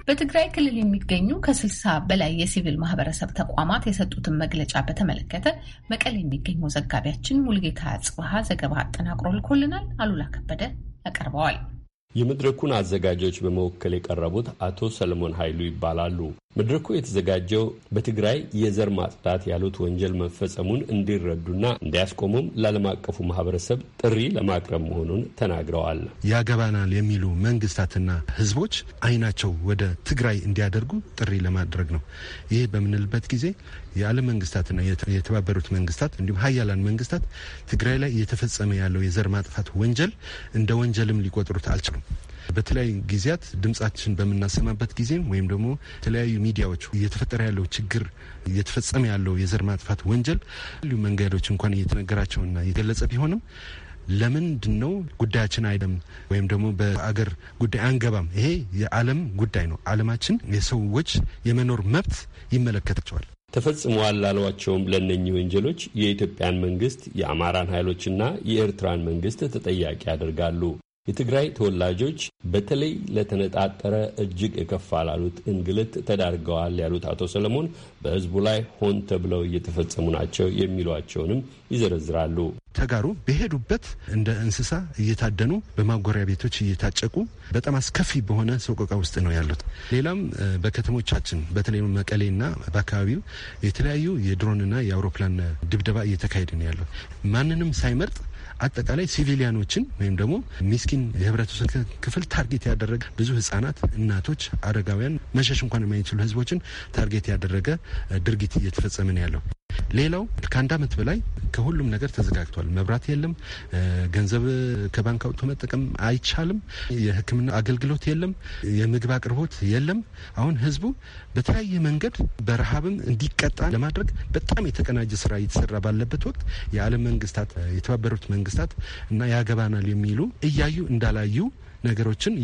በትግራይ ክልል የሚገኙ ከ60 በላይ የሲቪል ማህበረሰብ ተቋማት የሰጡትን መግለጫ በተመለከተ መቀሌ የሚገኘው ዘጋቢያችን ሙልጌታ ጽብሃ ዘገባ አጠናቅሮ ልኮልናል። አሉላ ከበደ ያቀርበዋል። የመድረኩን አዘጋጆች በመወከል የቀረቡት አቶ ሰለሞን ኃይሉ ይባላሉ። መድረኩ የተዘጋጀው በትግራይ የዘር ማጽዳት ያሉት ወንጀል መፈጸሙን እንዲረዱና እንዲያስቆሙም ለዓለም አቀፉ ማህበረሰብ ጥሪ ለማቅረብ መሆኑን ተናግረዋል። ያገባናል የሚሉ መንግስታትና ህዝቦች አይናቸው ወደ ትግራይ እንዲያደርጉ ጥሪ ለማድረግ ነው። ይህ በምንልበት ጊዜ የዓለም መንግስታትና የተባበሩት መንግስታት እንዲሁም ሀያላን መንግስታት ትግራይ ላይ እየተፈጸመ ያለው የዘር ማጥፋት ወንጀል እንደ ወንጀልም ሊቆጥሩት አልችሉም። በተለያዩ ጊዜያት ድምጻችን በምናሰማበት ጊዜም ወይም ደግሞ የተለያዩ ሚዲያዎች እየተፈጠረ ያለው ችግር እየተፈጸመ ያለው የዘር ማጥፋት ወንጀል ሁሉ መንገዶች እንኳን እየተነገራቸውና እየገለጸ ቢሆንም ለምንድን ነው ጉዳያችን አይደም ወይም ደግሞ በአገር ጉዳይ አንገባም? ይሄ የዓለም ጉዳይ ነው። ዓለማችን የሰዎች የመኖር መብት ይመለከታቸዋል። ተፈጽመዋል ላሏቸውም ለእነኚህ ወንጀሎች የኢትዮጵያን መንግስት፣ የአማራን ኃይሎችና የኤርትራን መንግስት ተጠያቂ ያደርጋሉ። የትግራይ ተወላጆች በተለይ ለተነጣጠረ እጅግ የከፋ ላሉት እንግልት ተዳርገዋል ያሉት አቶ ሰለሞን በህዝቡ ላይ ሆን ተብለው እየተፈጸሙ ናቸው የሚሏቸውንም ይዘረዝራሉ። ተጋሩ በሄዱበት እንደ እንስሳ እየታደኑ በማጎሪያ ቤቶች እየታጨቁ በጣም አስከፊ በሆነ ሰቆቃ ውስጥ ነው ያሉት። ሌላም በከተሞቻችን በተለይ መቀሌና በአካባቢው የተለያዩ የድሮንና የአውሮፕላን ድብደባ እየተካሄደ ነው ያለው ማንንም ሳይመርጥ አጠቃላይ ሲቪሊያኖችን ወይም ደግሞ ሚስኪን የህብረተሰብ ክፍል ታርጌት ያደረገ ብዙ ህጻናት፣ እናቶች፣ አረጋውያን መሸሽ እንኳን የማይችሉ ህዝቦችን ታርጌት ያደረገ ድርጊት እየተፈጸመ ነው ያለው። ሌላው ከአንድ አመት በላይ ከሁሉም ነገር ተዘጋግቷል። መብራት የለም፣ ገንዘብ ከባንክ አውጥቶ መጠቀም አይቻልም፣ የሕክምና አገልግሎት የለም፣ የምግብ አቅርቦት የለም። አሁን ህዝቡ በተለያየ መንገድ በረሃብም እንዲቀጣ ለማድረግ በጣም የተቀናጀ ስራ እየተሰራ ባለበት ወቅት የዓለም መንግስታት የተባበሩት መንግስታት እና ያገባናል የሚሉ እያዩ እንዳላዩ ነገሮችን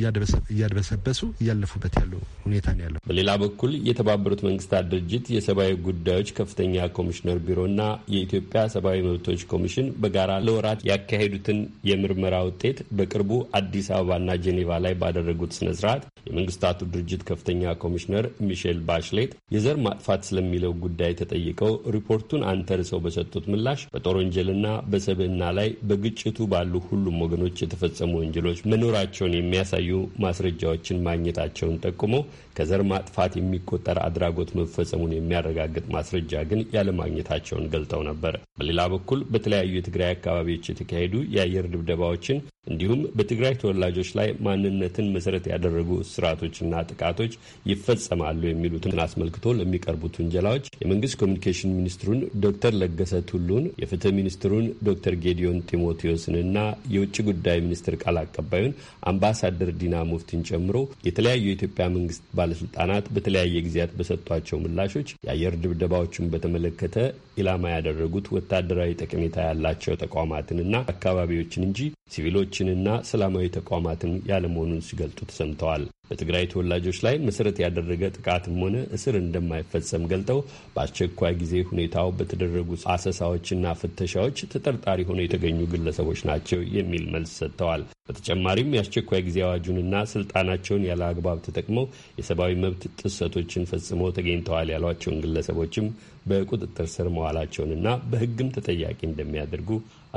እያድበሰበሱ እያለፉበት ያሉ ሁኔታ ነው ያለው። በሌላ በኩል የተባበሩት መንግስታት ድርጅት የሰብአዊ ጉዳዮች ከፍተኛ ኮሚሽነር ቢሮና የኢትዮጵያ ሰብአዊ መብቶች ኮሚሽን በጋራ ለወራት ያካሄዱትን የምርመራ ውጤት በቅርቡ አዲስ አበባና ጄኔቫ ላይ ባደረጉት ስነ የመንግስታቱ ድርጅት ከፍተኛ ኮሚሽነር ሚሼል ባሽሌት የዘር ማጥፋት ስለሚለው ጉዳይ ተጠይቀው ሪፖርቱን አንተርሰው በሰጡት ምላሽ በጦር ወንጀልና በሰብዕና ላይ በግጭቱ ባሉ ሁሉም ወገኖች የተፈጸሙ ወንጀሎች መኖራቸው መሆናቸውን የሚያሳዩ ማስረጃዎችን ማግኘታቸውን ጠቁሞ ከዘር ማጥፋት የሚቆጠር አድራጎት መፈጸሙን የሚያረጋግጥ ማስረጃ ግን ያለማግኘታቸውን ገልጠው ነበር። በሌላ በኩል በተለያዩ የትግራይ አካባቢዎች የተካሄዱ የአየር ድብደባዎችን እንዲሁም በትግራይ ተወላጆች ላይ ማንነትን መሰረት ያደረጉ ስርዓቶችና ጥቃቶች ይፈጸማሉ የሚሉትን አስመልክቶ ለሚቀርቡት ውንጀላዎች የመንግስት ኮሚኒኬሽን ሚኒስትሩን ዶክተር ለገሰ ቱሉን፣ የፍትህ ሚኒስትሩን ዶክተር ጌዲዮን ጢሞቴዎስንና የውጭ ጉዳይ ሚኒስትር ቃል አቀባዩን አምባሳደር ዲና ሙፍቲን ጨምሮ የተለያዩ የኢትዮጵያ መንግስት ባለስልጣናት በተለያየ ጊዜያት በሰጧቸው ምላሾች የአየር ድብደባዎቹን በተመለከተ ኢላማ ያደረጉት ወታደራዊ ጠቀሜታ ያላቸው ተቋማትንና አካባቢዎችን እንጂ ሲቪሎችንና ሰላማዊ ተቋማትን ያለመሆኑን ሲገልጡ ተሰምተዋል። በትግራይ ተወላጆች ላይ መሰረት ያደረገ ጥቃትም ሆነ እስር እንደማይፈጸም ገልጠው በአስቸኳይ ጊዜ ሁኔታው በተደረጉ አሰሳዎችና ፍተሻዎች ተጠርጣሪ ሆነው የተገኙ ግለሰቦች ናቸው የሚል መልስ ሰጥተዋል። በተጨማሪም የአስቸኳይ ጊዜ አዋጁንና ስልጣናቸውን ያለ አግባብ ተጠቅመው የሰብአዊ መብት ጥሰቶችን ፈጽመው ተገኝተዋል ያሏቸውን ግለሰቦችም በቁጥጥር ስር መዋላቸውንና በሕግም ተጠያቂ እንደሚያደርጉ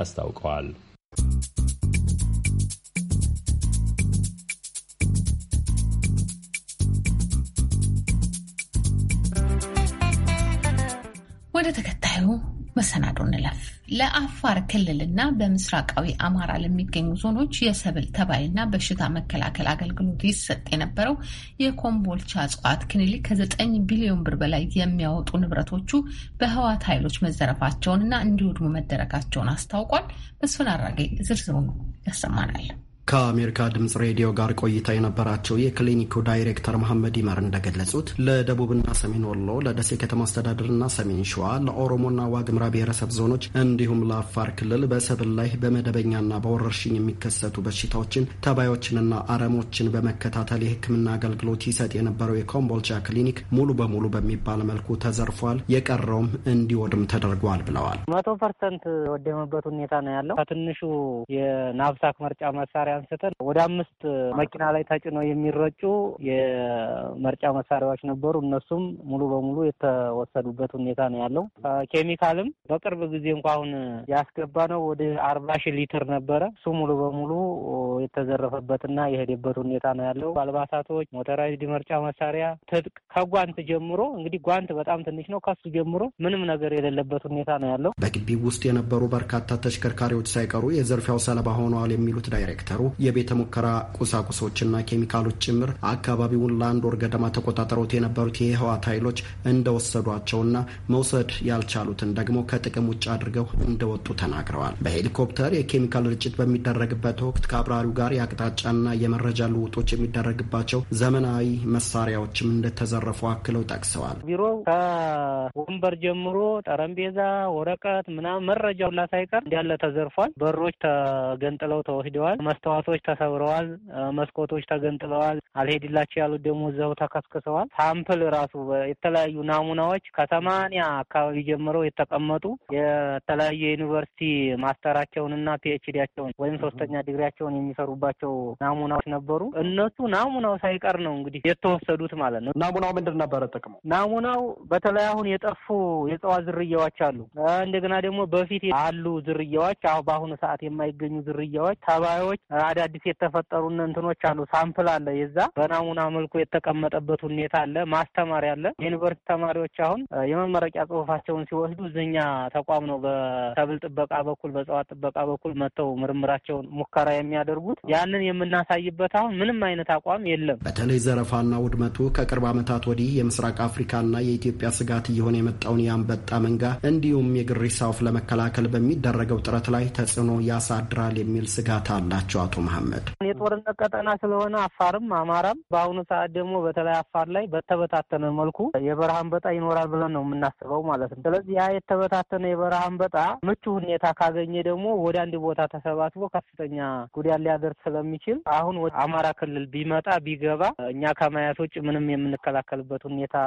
አስታውቀዋል። ወደ ተከታዩ መሰናዶ እንለፍ። ለአፋር ክልልና በምስራቃዊ አማራ ለሚገኙ ዞኖች የሰብል ተባይና በሽታ መከላከል አገልግሎት ይሰጥ የነበረው የኮምቦልቻ እጽዋት ክሊኒክ ከዘጠኝ ቢሊዮን ብር በላይ የሚያወጡ ንብረቶቹ በህዋት ኃይሎች መዘረፋቸውንና እንዲወድሙ መደረጋቸውን አስታውቋል። መስፍን አራጌ ነው ያሰማናል። ከአሜሪካ ድምፅ ሬዲዮ ጋር ቆይታ የነበራቸው የክሊኒኩ ዳይሬክተር መሐመድ ይመር እንደገለጹት ለደቡብና ሰሜን ወሎ፣ ለደሴ ከተማ አስተዳደርና ሰሜን ሸዋ፣ ለኦሮሞና ዋግምራ ብሔረሰብ ዞኖች እንዲሁም ለአፋር ክልል በሰብል ላይ በመደበኛና በወረርሽኝ የሚከሰቱ በሽታዎችን ተባዮችንና አረሞችን በመከታተል የሕክምና አገልግሎት ይሰጥ የነበረው የኮምቦልቻ ክሊኒክ ሙሉ በሙሉ በሚባል መልኩ ተዘርፏል፣ የቀረውም እንዲወድም ተደርጓል ብለዋል። መቶ ፐርሰንት የወደመበት ሁኔታ ነው ያለው። ከትንሹ የናብሳክ መርጫ መሳሪያ አንስተን ወደ አምስት መኪና ላይ ተጭነው የሚረጩ የመርጫ መሳሪያዎች ነበሩ። እነሱም ሙሉ በሙሉ የተወሰዱበት ሁኔታ ነው ያለው። ኬሚካልም በቅርብ ጊዜ እንኳ አሁን ያስገባ ነው ወደ አርባ ሺህ ሊትር ነበረ። እሱ ሙሉ በሙሉ የተዘረፈበትና የሄደበት ሁኔታ ነው ያለው። አልባሳቶች፣ ሞተራይዝድ መርጫ መሳሪያ፣ ትጥቅ ከጓንት ጀምሮ እንግዲህ ጓንት በጣም ትንሽ ነው። ከሱ ጀምሮ ምንም ነገር የሌለበት ሁኔታ ነው ያለው። በግቢ ውስጥ የነበሩ በርካታ ተሽከርካሪዎች ሳይቀሩ የዘርፊያው ሰለባ ሆነዋል የሚሉት ዳይሬክተሩ የቤተ ሙከራ ቁሳቁሶችና ኬሚካሎች ጭምር አካባቢውን ለአንድ ወር ገደማ ተቆጣጠረውት የነበሩት የህወሓት ኃይሎች እንደወሰዷቸውና መውሰድ ያልቻሉትን ደግሞ ከጥቅም ውጭ አድርገው እንደወጡ ተናግረዋል። በሄሊኮፕተር የኬሚካል ርጭት በሚደረግበት ወቅት ከአብራሪው ጋር የአቅጣጫና የመረጃ ልውጦች የሚደረግባቸው ዘመናዊ መሳሪያዎችም እንደተዘረፉ አክለው ጠቅሰዋል። ቢሮው ከወንበር ጀምሮ ጠረጴዛ፣ ወረቀት ምናምን መረጃው ላ ሳይቀር እንዳለ ተዘርፏል። በሮች ተገንጥለው ተወስደዋል። መስተዋ መስተዋቶች ተሰብረዋል፣ መስኮቶች ተገንጥለዋል። አልሄድላቸው ያሉት ደግሞ እዛው ተከስክሰዋል። ሳምፕል ራሱ የተለያዩ ናሙናዎች ከሰማንያ አካባቢ ጀምሮ የተቀመጡ የተለያዩ የዩኒቨርሲቲ ማስተራቸውንና ፒኤችዲያቸውን ወይም ሶስተኛ ዲግሪያቸውን የሚሰሩባቸው ናሙናዎች ነበሩ። እነሱ ናሙናው ሳይቀር ነው እንግዲህ የተወሰዱት ማለት ነው። ናሙናው ምንድን ነበረ ጥቅሙ? ናሙናው በተለይ አሁን የጠፉ የእጽዋት ዝርያዎች አሉ። እንደገና ደግሞ በፊት አሉ ዝርያዎች፣ በአሁኑ ሰዓት የማይገኙ ዝርያዎች፣ ተባዮች አዳዲስ የተፈጠሩ እንትኖች አሉ። ሳምፕል አለ የዛ በናሙና መልኩ የተቀመጠበት ሁኔታ አለ። ማስተማሪ አለ። የዩኒቨርሲቲ ተማሪዎች አሁን የመመረቂያ ጽሁፋቸውን ሲወስዱ እዝኛ ተቋም ነው በሰብል ጥበቃ በኩል በእጽዋት ጥበቃ በኩል መጥተው ምርምራቸውን ሙከራ የሚያደርጉት ያንን የምናሳይበት አሁን ምንም አይነት አቋም የለም። በተለይ ዘረፋና ውድመቱ ከቅርብ ዓመታት ወዲህ የምስራቅ አፍሪካና የኢትዮጵያ ስጋት እየሆነ የመጣውን የአንበጣ መንጋ እንዲሁም የግሪሳ ወፍ ለመከላከል በሚደረገው ጥረት ላይ ተጽዕኖ ያሳድራል የሚል ስጋት አላቸው አቶ አቶ መሐመድ የጦርነት ቀጠና ስለሆነ አፋርም አማራም በአሁኑ ሰዓት ደግሞ በተለይ አፋር ላይ በተበታተነ መልኩ የበረሃ አንበጣ ይኖራል ብለን ነው የምናስበው ማለት ነው። ስለዚህ ያ የተበታተነ የበረሃ አንበጣ ምቹ ሁኔታ ካገኘ ደግሞ ወደ አንድ ቦታ ተሰባስቦ ከፍተኛ ጉዳት ሊያደርስ ስለሚችል አሁን ወደ አማራ ክልል ቢመጣ ቢገባ እኛ ከማያት ውጭ ምንም የምንከላከልበት ሁኔታ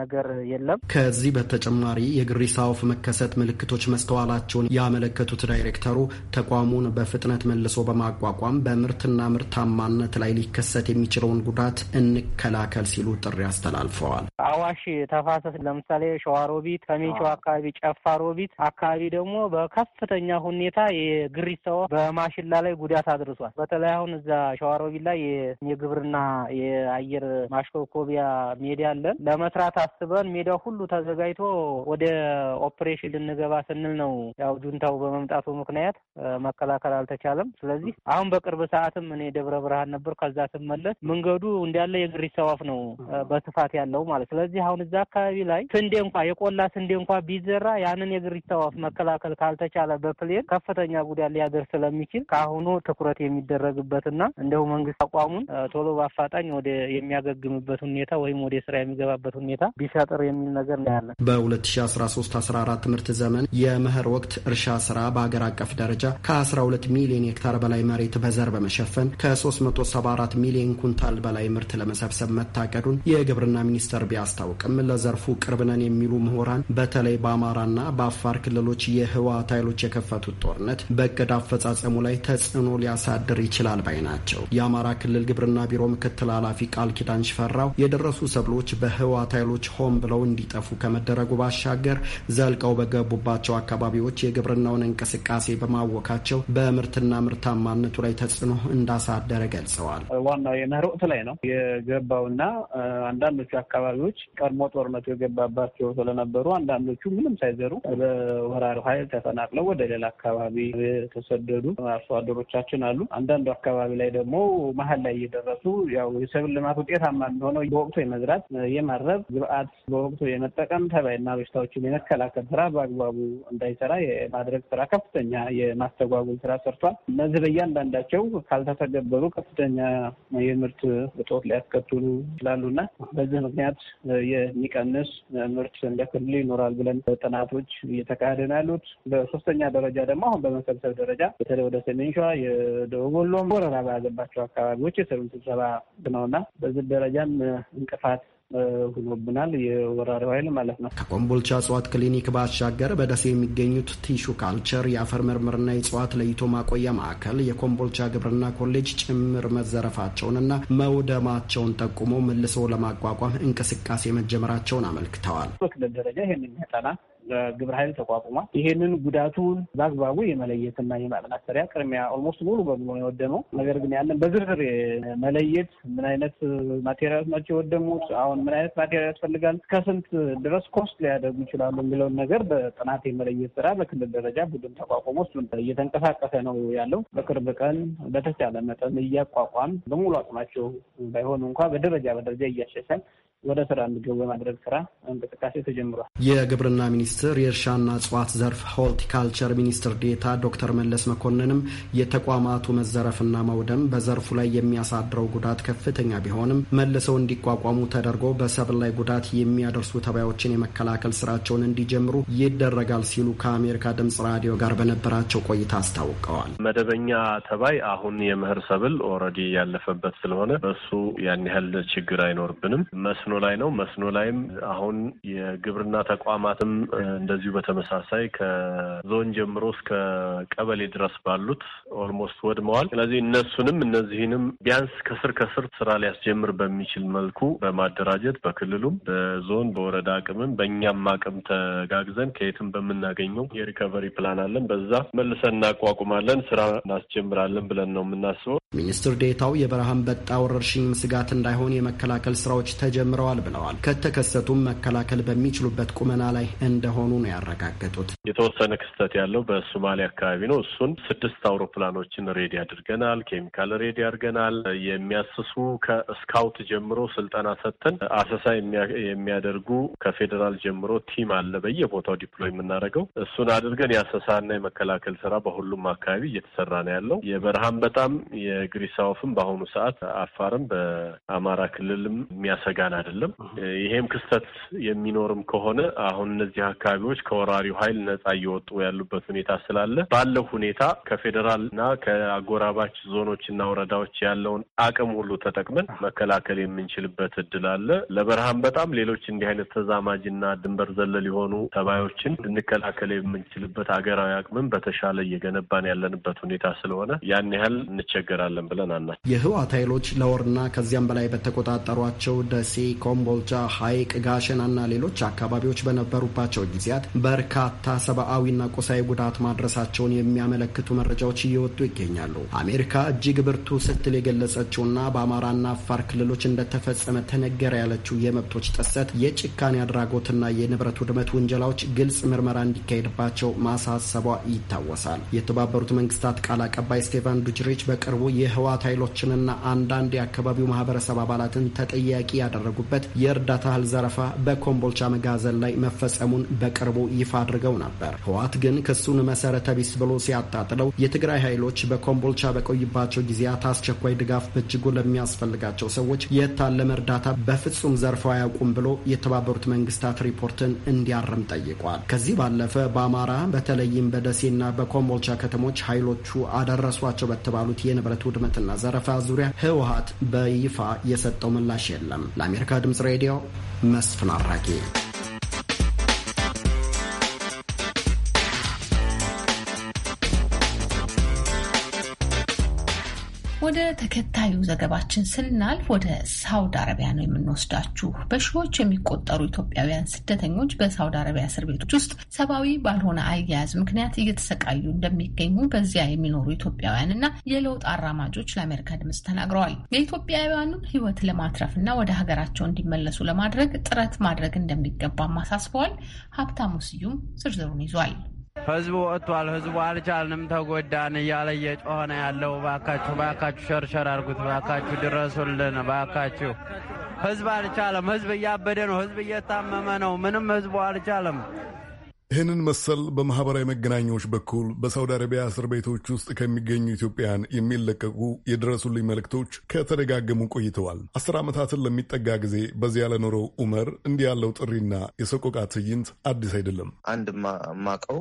ነገር የለም። ከዚህ በተጨማሪ የግሪሳ ወፍ መከሰት ምልክቶች መስተዋላቸውን ያመለከቱት ዳይሬክተሩ ተቋሙን በፍጥነት መልሶ በማቋቋም አቋም በምርትና ምርታማነት ላይ ሊከሰት የሚችለውን ጉዳት እንከላከል ሲሉ ጥሪ አስተላልፈዋል። አዋሽ ተፋሰስ ለምሳሌ ሸዋሮቢት፣ ከሜቸው አካባቢ ቢት አካባቢ ደግሞ በከፍተኛ ሁኔታ የግሪት ሰው በማሽላ ላይ ጉዳት አድርሷል። በተለይ አሁን እዛ ሸዋሮቢት ላይ የግብርና የአየር ማሽኮኮቢያ ሜዳ አለን። ለመስራት አስበን ሜዳ ሁሉ ተዘጋጅቶ ወደ ኦፕሬሽን ልንገባ ስንል ነው ያው ጁንታው በመምጣቱ ምክንያት መከላከል አልተቻለም። ስለዚህ አሁን በቅርብ ሰዓትም እኔ ደብረ ብርሃን ነበር። ከዛ ስመለስ መንገዱ እንዳለ የግሪ ሰዋፍ ነው በስፋት ያለው ማለት። ስለዚህ አሁን እዛ አካባቢ ላይ ስንዴ እንኳ የቆላ ስንዴ እንኳ ቢዘራ ያንን የግሪ ሰዋፍ መከላከል ካልተቻለ በፕሌን ከፍተኛ ጉዳት ሊያደርስ ስለሚችል ከአሁኑ ትኩረት የሚደረግበትና እንደው መንግስት አቋሙን ቶሎ በአፋጣኝ ወደ የሚያገግምበት ሁኔታ ወይም ወደ ስራ የሚገባበት ሁኔታ ቢሰጥር የሚል ነገር ነው በ በ2013 14 ትምህርት ዘመን የመኸር ወቅት እርሻ ስራ በሀገር አቀፍ ደረጃ ከ12 ሚሊዮን ሄክታር በላይ መሬት በዘር በመሸፈን ከ374 ሚሊዮን ኩንታል በላይ ምርት ለመሰብሰብ መታቀዱን የግብርና ሚኒስቴር ቢያስታውቅም ለዘርፉ ቅርብነን የሚሉ ምሁራን በተለይ በአማራና በአፋር ክልሎች የህወሓት ኃይሎች የከፈቱት ጦርነት በእቅድ አፈጻጸሙ ላይ ተጽዕኖ ሊያሳድር ይችላል ባይ ናቸው። የአማራ ክልል ግብርና ቢሮ ምክትል ኃላፊ ቃል ኪዳን ሽፈራው የደረሱ ሰብሎች በህወሓት ኃይሎች ሆን ብለው እንዲጠፉ ከመደረጉ ባሻገር ዘልቀው በገቡባቸው አካባቢዎች የግብርናውን እንቅስቃሴ በማወካቸው በምርትና ምርታማነቱ ላይ ተጽዕኖ እንዳሳደረ ገልጸዋል። ዋናው የመኸር ወቅት ላይ ነው የገባውና አንዳንዶቹ አካባቢዎች ቀድሞ ጦርነቱ የገባባቸው ስለነበሩ አንዳንዶቹ ምንም ሳይዘሩ በወራሪው ኃይል ተፈናቅለው ወደ ሌላ አካባቢ የተሰደዱ አርሶ አደሮቻችን አሉ። አንዳንዱ አካባቢ ላይ ደግሞ መሀል ላይ እየደረሱ ያው የሰብል ልማት ውጤታማ እንደሆነው በወቅቱ የመዝራት የማረብ ግብአት በወቅቱ የመጠቀም ተባይና በሽታዎችን የመከላከል ስራ በአግባቡ እንዳይሰራ የማድረግ ስራ ከፍተኛ የማስተጓጉል ስራ ሰርቷል። እነዚህ በእያንዳንዳቸው መኖራቸው ካልተተገበሩ ከፍተኛ የምርት እጦት ሊያስከትሉ ይችላሉና በዚህ ምክንያት የሚቀንስ ምርት እንደ ክልል ይኖራል ብለን ጥናቶች እየተካሄደ ነው ያሉት። በሶስተኛ ደረጃ ደግሞ አሁን በመሰብሰብ ደረጃ በተለይ ወደ ሰሜን ሸዋ፣ የደቡብ ወሎም ወረራ በያዘባቸው አካባቢዎች የሰሩን ስብሰባ ነውና በዚህ ደረጃም እንቅፋት ሁኖብናል፣ የወራሪው ኃይል ማለት ነው። ከኮምቦልቻ እጽዋት ክሊኒክ ባሻገር በደሴ የሚገኙት ቲሹ ካልቸር የአፈር ምርምርና የእጽዋት ለይቶ ማቆያ ማዕከል፣ የኮምቦልቻ ግብርና ኮሌጅ ጭምር መዘረፋቸውንና መውደማቸውን ጠቁሞ መልሶ ለማቋቋም እንቅስቃሴ መጀመራቸውን አመልክተዋል። በክልል ደረጃ ይህንን ግብረ ኃይል ተቋቁሟል። ይሄንን ጉዳቱን በአግባቡ የመለየትና የማጥናት ስሪያ ቅድሚያ ኦልሞስት ሙሉ በሙሉ ነው የወደመው። ነገር ግን ያንን በዝርዝር መለየት ምን አይነት ማቴሪያሎች ናቸው የወደሙት፣ አሁን ምን አይነት ማቴሪያል ያስፈልጋል፣ ከስንት ድረስ ኮስት ሊያደርጉ ይችላሉ የሚለውን ነገር በጥናት የመለየት ስራ በክልል ደረጃ ቡድን ተቋቁሞ እሱን እየተንቀሳቀሰ ነው ያለው። በቅርብ ቀን በተቻለ መጠን እያቋቋም በሙሉ አቅማቸው ባይሆኑ እንኳ በደረጃ በደረጃ እያሻሻል ወደ ስራ እንዲገቡ የማድረግ ስራ እንቅስቃሴ ተጀምሯል። የግብርና ሚኒስ ሚኒስትር የእርሻና እጽዋት ዘርፍ ሆልቲካልቸር ሚኒስትር ዴታ ዶክተር መለስ መኮንንም የተቋማቱ መዘረፍና መውደም በዘርፉ ላይ የሚያሳድረው ጉዳት ከፍተኛ ቢሆንም መልሰው እንዲቋቋሙ ተደርጎ በሰብል ላይ ጉዳት የሚያደርሱ ተባዮችን የመከላከል ስራቸውን እንዲጀምሩ ይደረጋል ሲሉ ከአሜሪካ ድምጽ ራዲዮ ጋር በነበራቸው ቆይታ አስታውቀዋል። መደበኛ ተባይ አሁን የምህር ሰብል ኦልሬዲ ያለፈበት ስለሆነ እሱ ያን ያህል ችግር አይኖርብንም። መስኖ ላይ ነው። መስኖ ላይም አሁን የግብርና ተቋማትም እንደዚሁ በተመሳሳይ ከዞን ጀምሮ እስከ ቀበሌ ድረስ ባሉት ኦልሞስት ወድመዋል። ስለዚህ እነሱንም እነዚህንም ቢያንስ ከስር ከስር ስራ ሊያስጀምር በሚችል መልኩ በማደራጀት በክልሉም በዞን በወረዳ አቅምም በእኛም አቅም ተጋግዘን ከየትም በምናገኘው የሪከቨሪ ፕላን አለን። በዛ መልሰን እናቋቁማለን፣ ስራ እናስጀምራለን ብለን ነው የምናስበው። ሚኒስትር ዴታው የበረሃ አንበጣ ወረርሽኝ ስጋት እንዳይሆን የመከላከል ስራዎች ተጀምረዋል ብለዋል። ከተከሰቱም መከላከል በሚችሉበት ቁመና ላይ እንደሆነ ነው ያረጋገጡት የተወሰነ ክስተት ያለው በሶማሌ አካባቢ ነው። እሱን ስድስት አውሮፕላኖችን ሬዲ አድርገናል፣ ኬሚካል ሬዲ አድርገናል። የሚያስሱ ከስካውት ጀምሮ ስልጠና ሰጥተን አሰሳ የሚያደርጉ ከፌዴራል ጀምሮ ቲም አለ በየቦታው ዲፕሎይ የምናደርገው እሱን አድርገን የአሰሳና የመከላከል ስራ በሁሉም አካባቢ እየተሰራ ነው ያለው። የበረሃም በጣም የግሪስ አወፍም በአሁኑ ሰዓት አፋርም በአማራ ክልልም የሚያሰጋን አይደለም። ይሄም ክስተት የሚኖርም ከሆነ አሁን እነዚህ አካባቢዎች ከወራሪው ኃይል ነጻ እየወጡ ያሉበት ሁኔታ ስላለ ባለው ሁኔታ ከፌዴራል እና ከአጎራባች ዞኖች ወረዳዎች ያለውን አቅም ሁሉ ተጠቅመን መከላከል የምንችልበት እድል አለ። ለበረሃም በጣም ሌሎች እንዲህ አይነት ተዛማጅና ድንበር ዘለል የሆኑ ተባዮችን እንከላከል የምንችልበት ሀገራዊ አቅምም በተሻለ እየገነባን ያለንበት ሁኔታ ስለሆነ ያን ያህል እንቸገራለን ብለን አና የህወሓት ኃይሎች ለወርና ከዚያም በላይ በተቆጣጠሯቸው ደሴ፣ ኮምቦልቻ፣ ሀይቅ ጋሸና እና ሌሎች አካባቢዎች በነበሩባቸው ጊዜያት በርካታ ሰብአዊና ቁሳዊ ጉዳት ማድረሳቸውን የሚያመለክቱ መረጃዎች እየወጡ ይገኛሉ። አሜሪካ እጅግ ብርቱ ስትል የገለጸችውና በአማራና አፋር ክልሎች እንደተፈጸመ ተነገረ ያለችው የመብቶች ጥሰት፣ የጭካኔ አድራጎትና የንብረት ውድመት ውንጀላዎች ግልጽ ምርመራ እንዲካሄድባቸው ማሳሰቧ ይታወሳል። የተባበሩት መንግስታት ቃል አቀባይ ስቴቫን ዱጅሪች በቅርቡ የህወሓት ኃይሎችንና አንዳንድ የአካባቢው ማህበረሰብ አባላትን ተጠያቂ ያደረጉበት የእርዳታ እህል ዘረፋ በኮምቦልቻ መጋዘን ላይ መፈጸሙን በቅርቡ ይፋ አድርገው ነበር። ህወሓት ግን ክሱን መሰረተ ቢስ ብሎ ሲያጣጥለው የትግራይ ኃይሎች በኮምቦልቻ በቆይባቸው ጊዜያት አስቸኳይ ድጋፍ በእጅጉ ለሚያስፈልጋቸው ሰዎች የታለመ እርዳታ በፍጹም ዘርፈው አያውቁም ብሎ የተባበሩት መንግስታት ሪፖርትን እንዲያርም ጠይቋል። ከዚህ ባለፈ በአማራ በተለይም በደሴና በኮምቦልቻ ከተሞች ኃይሎቹ አደረሷቸው በተባሉት የንብረት ውድመትና ዘረፋ ዙሪያ ህወሓት በይፋ የሰጠው ምላሽ የለም። ለአሜሪካ ድምጽ ሬዲዮ መስፍን አራጌ ተከታዩ ዘገባችን ስናልፍ ወደ ሳውዲ አረቢያ ነው የምንወስዳችሁ። በሺዎች የሚቆጠሩ ኢትዮጵያውያን ስደተኞች በሳውዲ አረቢያ እስር ቤቶች ውስጥ ሰብአዊ ባልሆነ አያያዝ ምክንያት እየተሰቃዩ እንደሚገኙ በዚያ የሚኖሩ ኢትዮጵያውያን የለውጥ አራማጆች ለአሜሪካ ድምፅ ተናግረዋል። የኢትዮጵያውያኑን ሕይወት ለማትረፍ ወደ ሀገራቸው እንዲመለሱ ለማድረግ ጥረት ማድረግ እንደሚገባም አሳስበዋል። ሀብታሙ ስዩም ዝርዝሩን ይዟል። ህዝቡ ወጥቷል። ህዝቡ አልቻልንም፣ ተጎዳን እያለ እየጮኸ ነው ያለው። ባካችሁ ባካችሁ፣ ሸርሸር አድርጉት፣ ባካችሁ ድረሱልን፣ ባካችሁ። ህዝብ አልቻለም። ህዝብ እያበደ ነው። ህዝብ እየታመመ ነው። ምንም ህዝቡ አልቻለም። ይህንን መሰል በማህበራዊ መገናኛዎች በኩል በሳውዲ አረቢያ እስር ቤቶች ውስጥ ከሚገኙ ኢትዮጵያን የሚለቀቁ የድረሱልኝ መልእክቶች ከተደጋገሙ ቆይተዋል። አስር ዓመታትን ለሚጠጋ ጊዜ በዚህ ያለኖረው ኡመር እንዲህ ያለው ጥሪና የሰቆቃ ትዕይንት አዲስ አይደለም። አንድ ማቀው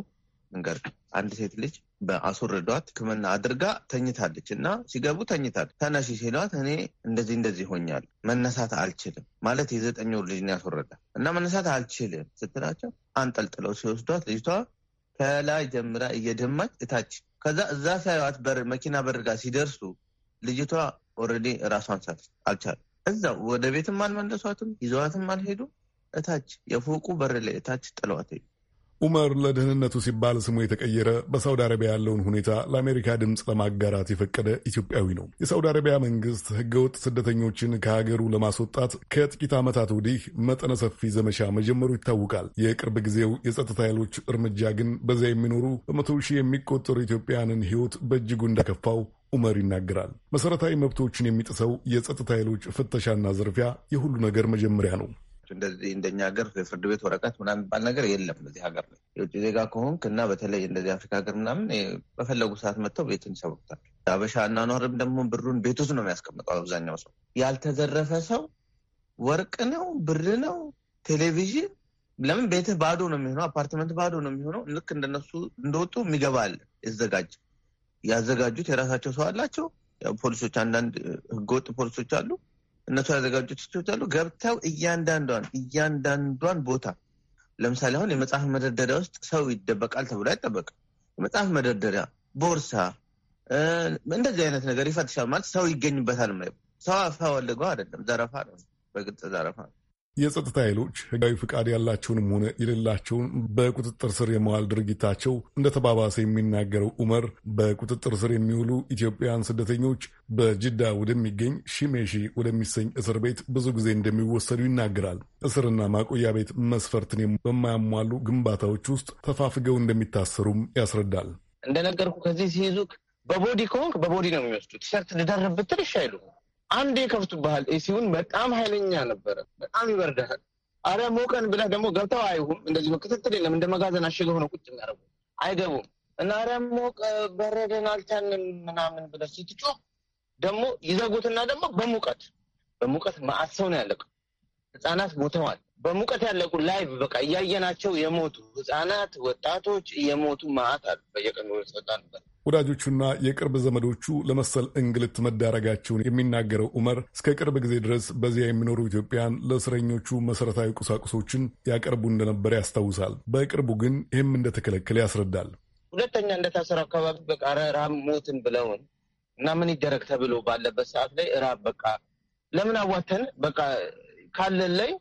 እንገር አንድ ሴት ልጅ በአስወርዷት ሕክምና አድርጋ ተኝታለች እና ሲገቡ ተኝታለች። ተነሺ ሲሏት እኔ እንደዚህ እንደዚህ ሆኛል መነሳት አልችልም ማለት የዘጠኝ ወር ልጅ ነው ያስወረዳ እና መነሳት አልችልም ስትላቸው አንጠልጥለው ሲወስዷት ልጅቷ ከላይ ጀምራ እየደማች እታች ከዛ እዛ ሳይዋት በር መኪና በር ጋር ሲደርሱ ልጅቷ ኦልሬዲ ራሷን ሳት አልቻለም። እዛ ወደ ቤትም አልመለሷትም፣ ይዘዋትም አልሄዱም። እታች የፎቁ በር ላይ እታች ጥለዋት ሄዱ። ኡመር ለደህንነቱ ሲባል ስሙ የተቀየረ በሳውዲ አረቢያ ያለውን ሁኔታ ለአሜሪካ ድምፅ ለማጋራት የፈቀደ ኢትዮጵያዊ ነው። የሳውዲ አረቢያ መንግስት ህገወጥ ስደተኞችን ከሀገሩ ለማስወጣት ከጥቂት ዓመታት ወዲህ መጠነ ሰፊ ዘመቻ መጀመሩ ይታወቃል። የቅርብ ጊዜው የጸጥታ ኃይሎች እርምጃ ግን በዚያ የሚኖሩ በመቶ ሺህ የሚቆጠሩ ኢትዮጵያውያንን ህይወት በእጅጉ እንዳከፋው ኡመር ይናገራል። መሠረታዊ መብቶችን የሚጥሰው የጸጥታ ኃይሎች ፍተሻና ዝርፊያ የሁሉ ነገር መጀመሪያ ነው። እንደዚህ እንደኛ ሀገር የፍርድ ቤት ወረቀት ምናምን የሚባል ነገር የለም። እዚህ ሀገር ላይ የውጭ ዜጋ ከሆንክ እና በተለይ እንደዚህ አፍሪካ ሀገር ምናምን በፈለጉ ሰዓት መጥተው ቤትን ይሰብሩታል። አበሻ አኗኗርም ደግሞ ብሩን ቤት ውስጥ ነው የሚያስቀምጠው አብዛኛው ሰው። ያልተዘረፈ ሰው ወርቅ ነው ብር ነው ቴሌቪዥን ለምን ቤትህ ባዶ ነው የሚሆነው? አፓርትመንት ባዶ ነው የሚሆነው። ልክ እንደነሱ እንደወጡ የሚገባል የተዘጋጀ ያዘጋጁት የራሳቸው ሰው አላቸው። ፖሊሶች፣ አንዳንድ ህገወጥ ፖሊሶች አሉ። እነሱ ያዘጋጁት አሉ ገብተው እያንዳንዷን እያንዳንዷን ቦታ ለምሳሌ አሁን የመጽሐፍ መደርደሪያ ውስጥ ሰው ይደበቃል ተብሎ አይጠበቅም። የመጽሐፍ መደርደሪያ፣ ቦርሳ፣ እንደዚህ አይነት ነገር ይፈትሻል ማለት ሰው ይገኝበታል። ሰው አፋ ወልገው አይደለም፣ ዘረፋ ነው፣ በግልጽ ዘረፋ ነው። የጸጥታ ኃይሎች ህጋዊ ፍቃድ ያላቸውንም ሆነ የሌላቸውን በቁጥጥር ስር የመዋል ድርጊታቸው እንደ ተባባሰ የሚናገረው ኡመር በቁጥጥር ስር የሚውሉ ኢትዮጵያውያን ስደተኞች በጅዳ ወደሚገኝ ሺሜሺ ወደሚሰኝ እስር ቤት ብዙ ጊዜ እንደሚወሰዱ ይናገራል። እስርና ማቆያ ቤት መስፈርትን በማያሟሉ ግንባታዎች ውስጥ ተፋፍገው እንደሚታሰሩም ያስረዳል። እንደነገርኩ ከዚህ ሲይዙ በቦዲ ከሆንክ በቦዲ ነው የሚወስዱት። ሸርት ልደርብ ብትል እሺ አይሉም። አንድ የከፍቱብሃል። ኤሲውን በጣም ኃይለኛ ነበረ። በጣም ይበርዳሃል። አረ ሞቀን ብለህ ደግሞ ገብተው አይሁም። እንደዚህ በክትትል የለም። እንደ መጋዘን አሸገው ሆነ ቁጭ የሚያደርጉ አይገቡም። እና አረ ሞቀ በረደን አልቻንም ምናምን ብለህ ስትጮህ ደግሞ ይዘጉትና ደግሞ በሙቀት በሙቀት መዓት ሰው ነው ያለቀው። ህጻናት ሞተዋል። በሙቀት ያለቁ ላይቭ በቃ እያየናቸው የሞቱ ህጻናት፣ ወጣቶች እየሞቱ ማአት አሉ። በየቀኑ ነበር ወዳጆቹና የቅርብ ዘመዶቹ ለመሰል እንግልት መዳረጋቸውን የሚናገረው ዑመር እስከ ቅርብ ጊዜ ድረስ በዚያ የሚኖሩ ኢትዮጵያን ለእስረኞቹ መሠረታዊ ቁሳቁሶችን ያቀርቡ እንደነበር ያስታውሳል። በቅርቡ ግን ይህም እንደተከለከለ ያስረዳል። ሁለተኛ እንደታሰሩ አካባቢ በቃ ራብ ሞትን ብለውን እና ምን ይደረግ ተብሎ ባለበት ሰዓት ላይ ራብ በቃ ለምን አዋተን በቃ ካለን ላይ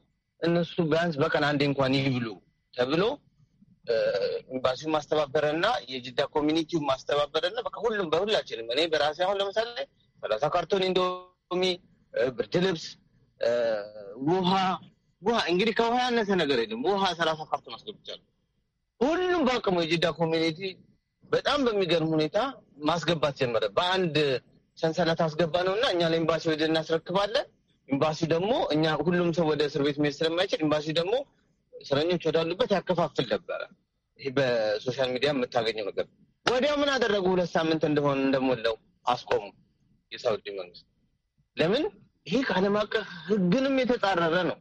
እነሱ ቢያንስ በቀን አንዴ እንኳን ይብሉ ተብሎ ኤምባሲውን ማስተባበረና የጅዳ ኮሚኒቲው ማስተባበረና በቃ ሁሉም በሁላችንም እኔ በራሴ አሁን ለምሳሌ ሰላሳ ካርቶን እንደሚ ብርድ ልብስ፣ ውሃ ውሃ እንግዲህ ከውሃ ያነሰ ነገር የለም። ውሃ ሰላሳ ካርቶን አስገብቻለሁ። ሁሉም በአቅሙ የጅዳ ኮሚኒቲ በጣም በሚገርም ሁኔታ ማስገባት ጀመረ። በአንድ ሰንሰለት አስገባ ነው እና እኛ ለኤምባሲ ወደ እናስረክባለን። ኤምባሲ ደግሞ እኛ ሁሉም ሰው ወደ እስር ቤት መሄድ ስለማይችል ኤምባሲ ደግሞ እስረኞች ወዳሉበት ያከፋፍል ነበረ። ይህ በሶሻል ሚዲያ የምታገኘው ነገር። ወዲያው ምን አደረጉ? ሁለት ሳምንት እንደሆነ እንደሞላው አስቆሙ። የሳውዲ መንግስት ለምን? ይህ ከዓለም አቀፍ ህግንም የተጻረረ ነው።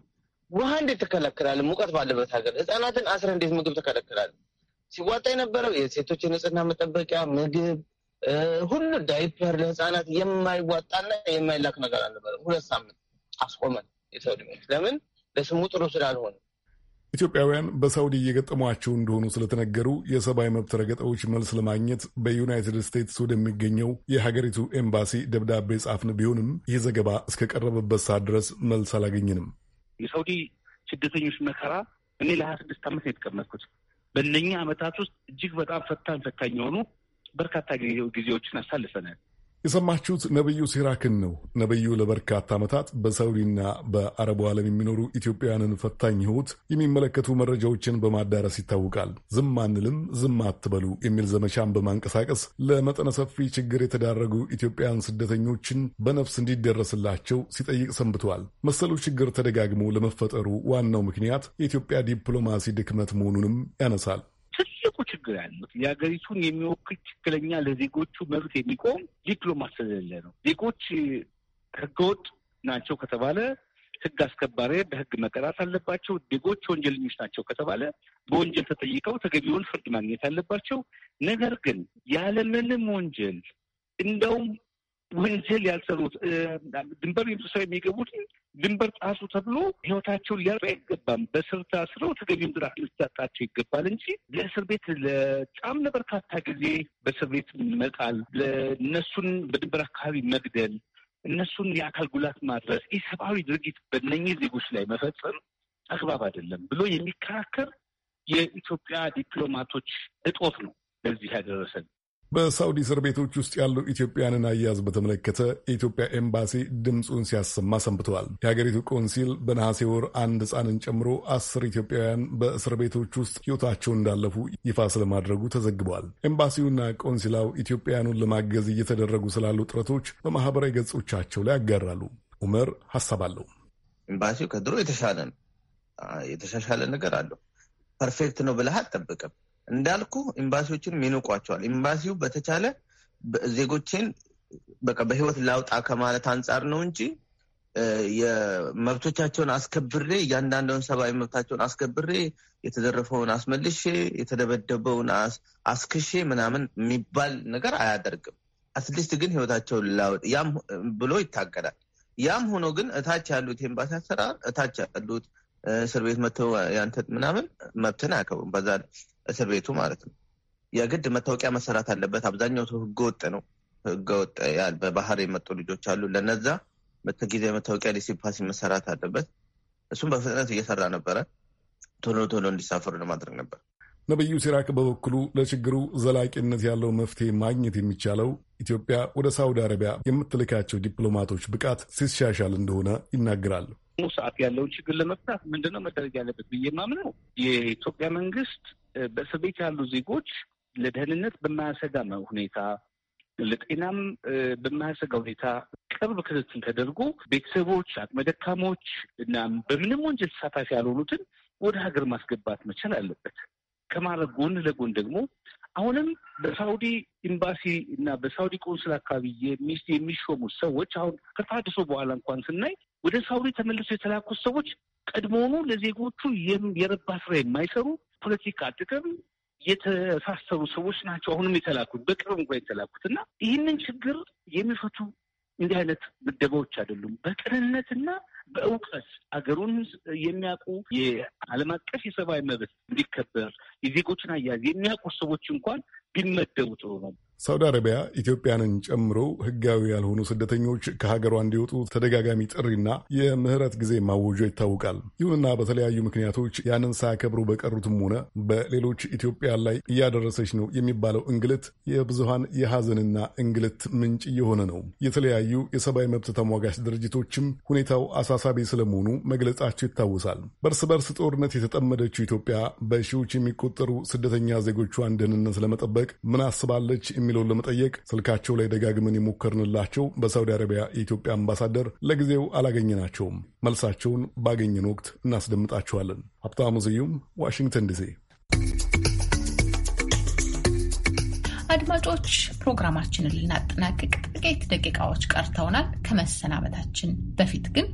ውሃ እንዴት ትከለክላል? ሙቀት ባለበት ሀገር ህጻናትን አስረ እንዴት ምግብ ትከለክላል? ሲዋጣ የነበረው የሴቶች የንጽህና መጠበቂያ ምግብ፣ ሁሉ ዳይፐር ለህፃናት የማይዋጣና የማይላክ ነገር አልነበረም። ሁለት ሳምንት አስቆመን የሳውዲ መንግስት ለምን? ለስሙ ጥሩ ስላልሆነ ኢትዮጵያውያን በሳውዲ እየገጠሟቸው እንደሆኑ ስለተነገሩ የሰብአዊ መብት ረገጣዎች መልስ ለማግኘት በዩናይትድ ስቴትስ ወደሚገኘው የሀገሪቱ ኤምባሲ ደብዳቤ ጻፍን። ቢሆንም ይህ ዘገባ እስከቀረበበት ሰዓት ድረስ መልስ አላገኘንም። የሳውዲ ስደተኞች መከራ እኔ ለሀያ ስድስት ዓመት የተቀመጥኩት። በእነኛ ዓመታት ውስጥ እጅግ በጣም ፈታኝ ፈታኝ የሆኑ በርካታ ጊዜዎችን አሳልፈናል። የሰማችሁት ነቢዩ ሲራክን ነው። ነቢዩ ለበርካታ ዓመታት በሳውዲና በአረቡ ዓለም የሚኖሩ ኢትዮጵያውያንን ፈታኝ ሕይወት የሚመለከቱ መረጃዎችን በማዳረስ ይታወቃል። ዝም አንልም፣ ዝም አትበሉ የሚል ዘመቻን በማንቀሳቀስ ለመጠነ ሰፊ ችግር የተዳረጉ ኢትዮጵያን ስደተኞችን በነፍስ እንዲደረስላቸው ሲጠይቅ ሰንብተዋል። መሰሉ ችግር ተደጋግሞ ለመፈጠሩ ዋናው ምክንያት የኢትዮጵያ ዲፕሎማሲ ድክመት መሆኑንም ያነሳል። ትልቁ ችግር ያለ የሀገሪቱን የሚወክል ትክክለኛ ለዜጎቹ መብት የሚቆም ዲፕሎማት ስለሌለ ነው። ዜጎች ህገወጥ ናቸው ከተባለ ህግ አስከባሪ በህግ መቀጣት አለባቸው። ዜጎች ወንጀለኞች ናቸው ከተባለ በወንጀል ተጠይቀው ተገቢውን ፍርድ ማግኘት አለባቸው። ነገር ግን ያለምንም ወንጀል እንደውም ወንጀል ያልሰሩት ድንበር ኢንዱስትሪ የሚገቡት ድንበር ጣሱ ተብሎ ህይወታቸውን ሊያጡ አይገባም። በስር ታስረው ተገቢውን ቅጣት ሊሰጣቸው ይገባል እንጂ ለእስር ቤት ለጣም ለበርካታ ጊዜ በእስር ቤት መጣል፣ ለእነሱን በድንበር አካባቢ መግደል፣ እነሱን የአካል ጉላት ማድረስ፣ ሰብአዊ ድርጊት በእነኚህ ዜጎች ላይ መፈጸም አግባብ አይደለም ብሎ የሚከራከር የኢትዮጵያ ዲፕሎማቶች እጦት ነው ለዚህ ያደረሰን። በሳውዲ እስር ቤቶች ውስጥ ያለው ኢትዮጵያንን አያያዝ በተመለከተ የኢትዮጵያ ኤምባሲ ድምፁን ሲያሰማ ሰንብተዋል። የሀገሪቱ ቆንሲል በነሐሴ ወር አንድ ሕፃንን ጨምሮ አስር ኢትዮጵያውያን በእስር ቤቶች ውስጥ ሕይወታቸውን እንዳለፉ ይፋ ስለማድረጉ ተዘግቧል። ኤምባሲውና ቆንሲላው ኢትዮጵያውያኑን ለማገዝ እየተደረጉ ስላሉ ጥረቶች በማህበራዊ ገጾቻቸው ላይ ያጋራሉ። ኡመር ሀሳብ አለው። ኤምባሲው ከድሮ የተሻለ ነው። የተሻሻለ ነገር አለው። ፐርፌክት ነው ብለህ አትጠብቅም። እንዳልኩ ኤምባሲዎችን ሚንቋቸዋል። ኤምባሲው በተቻለ ዜጎችን በቃ በህይወት ላውጣ ከማለት አንጻር ነው እንጂ የመብቶቻቸውን አስከብሬ እያንዳንደውን ሰብአዊ መብታቸውን አስከብሬ የተዘረፈውን አስመልሼ የተደበደበውን አስክሼ ምናምን የሚባል ነገር አያደርግም። አትሊስት ግን ህይወታቸውን ላውጥ ያም ብሎ ይታገላል። ያም ሆኖ ግን እታች ያሉት ኤምባሲ አሰራር እታች ያሉት እስር ቤት መተው ያንተ ምናምን መብትን አያከብሩም። በዛ እስር ቤቱ ማለት ነው። የግድ መታወቂያ መሰራት አለበት። አብዛኛው ሰው ህገወጥ ነው። ህገወጥ ያል በባህር የመጡ ልጆች አሉ። ለነዛ ጊዜ መታወቂያ ዲሲፓሲ መሰራት አለበት። እሱም በፍጥነት እየሰራ ነበረ። ቶሎ ቶሎ እንዲሳፈሩ ለማድረግ ነበር። ነቢዩ ሲራክ በበኩሉ ለችግሩ ዘላቂነት ያለው መፍትሄ ማግኘት የሚቻለው ኢትዮጵያ ወደ ሳውዲ አረቢያ የምትልካቸው ዲፕሎማቶች ብቃት ሲሻሻል እንደሆነ ይናገራል። ሰዓት ያለውን ችግር ለመፍታት ምንድነው መደረግ ያለበት ብዬ ማምነው የኢትዮጵያ መንግስት በእስር ቤት ያሉ ዜጎች ለደህንነት በማያሰጋ ሁኔታ ለጤናም በማያሰጋ ሁኔታ ቅርብ ክትትል ተደርጎ ቤተሰቦች፣ አቅመ ደካሞች እና በምንም ወንጀል ተሳታፊ ያልሆኑትን ወደ ሀገር ማስገባት መቻል አለበት። ከማድረግ ጎን ለጎን ደግሞ አሁንም በሳውዲ ኤምባሲ እና በሳውዲ ቆንስል አካባቢ የሚሾሙት ሰዎች አሁን ከታድሶ በኋላ እንኳን ስናይ ወደ ሳውዲ ተመልሶ የተላኩት ሰዎች ቀድሞውኑ ለዜጎቹ የረባ ስራ የማይሰሩ የፖለቲካ ጥቅም የተሳሰሩ ሰዎች ናቸው። አሁንም የተላኩት በቅርብ እንኳ የተላኩት እና ይህንን ችግር የሚፈቱ እንዲህ አይነት ምደባዎች አይደሉም። በቅንነትና በእውቀት አገሩን የሚያውቁ የዓለም አቀፍ የሰብአዊ መብት እንዲከበር የዜጎችን አያያዝ የሚያውቁ ሰዎች እንኳን ቢመደቡ ጥሩ ነው። ሳውዲ አረቢያ ኢትዮጵያንን ጨምሮ ህጋዊ ያልሆኑ ስደተኞች ከሀገሯ እንዲወጡ ተደጋጋሚ ጥሪና የምህረት ጊዜ ማወጇ ይታወቃል። ይሁንና በተለያዩ ምክንያቶች ያንን ሳያከብሩ በቀሩትም ሆነ በሌሎች ኢትዮጵያ ላይ እያደረሰች ነው የሚባለው እንግልት የብዙሃን የሐዘንና እንግልት ምንጭ እየሆነ ነው። የተለያዩ የሰብአዊ መብት ተሟጋች ድርጅቶችም ሁኔታው አሳሳቢ ስለመሆኑ መግለጻቸው ይታወሳል። በእርስ በርስ ጦርነት የተጠመደችው ኢትዮጵያ በሺዎች የሚቆጠሩ ስደተኛ ዜጎቿን ደህንነት ለመጠበቅ ምን አስባለች? የሚለውን ለመጠየቅ ስልካቸው ላይ ደጋግመን የሞከርንላቸው በሳውዲ አረቢያ የኢትዮጵያ አምባሳደር ለጊዜው አላገኘናቸውም። መልሳቸውን ባገኘን ወቅት እናስደምጣችኋለን። ሀብታሙ ስዩም ዋሽንግተን ዲሲ። አድማጮች ፕሮግራማችንን ልናጠናቅቅ ጥቂት ደቂቃዎች ቀርተውናል። ከመሰናበታችን በፊት ግን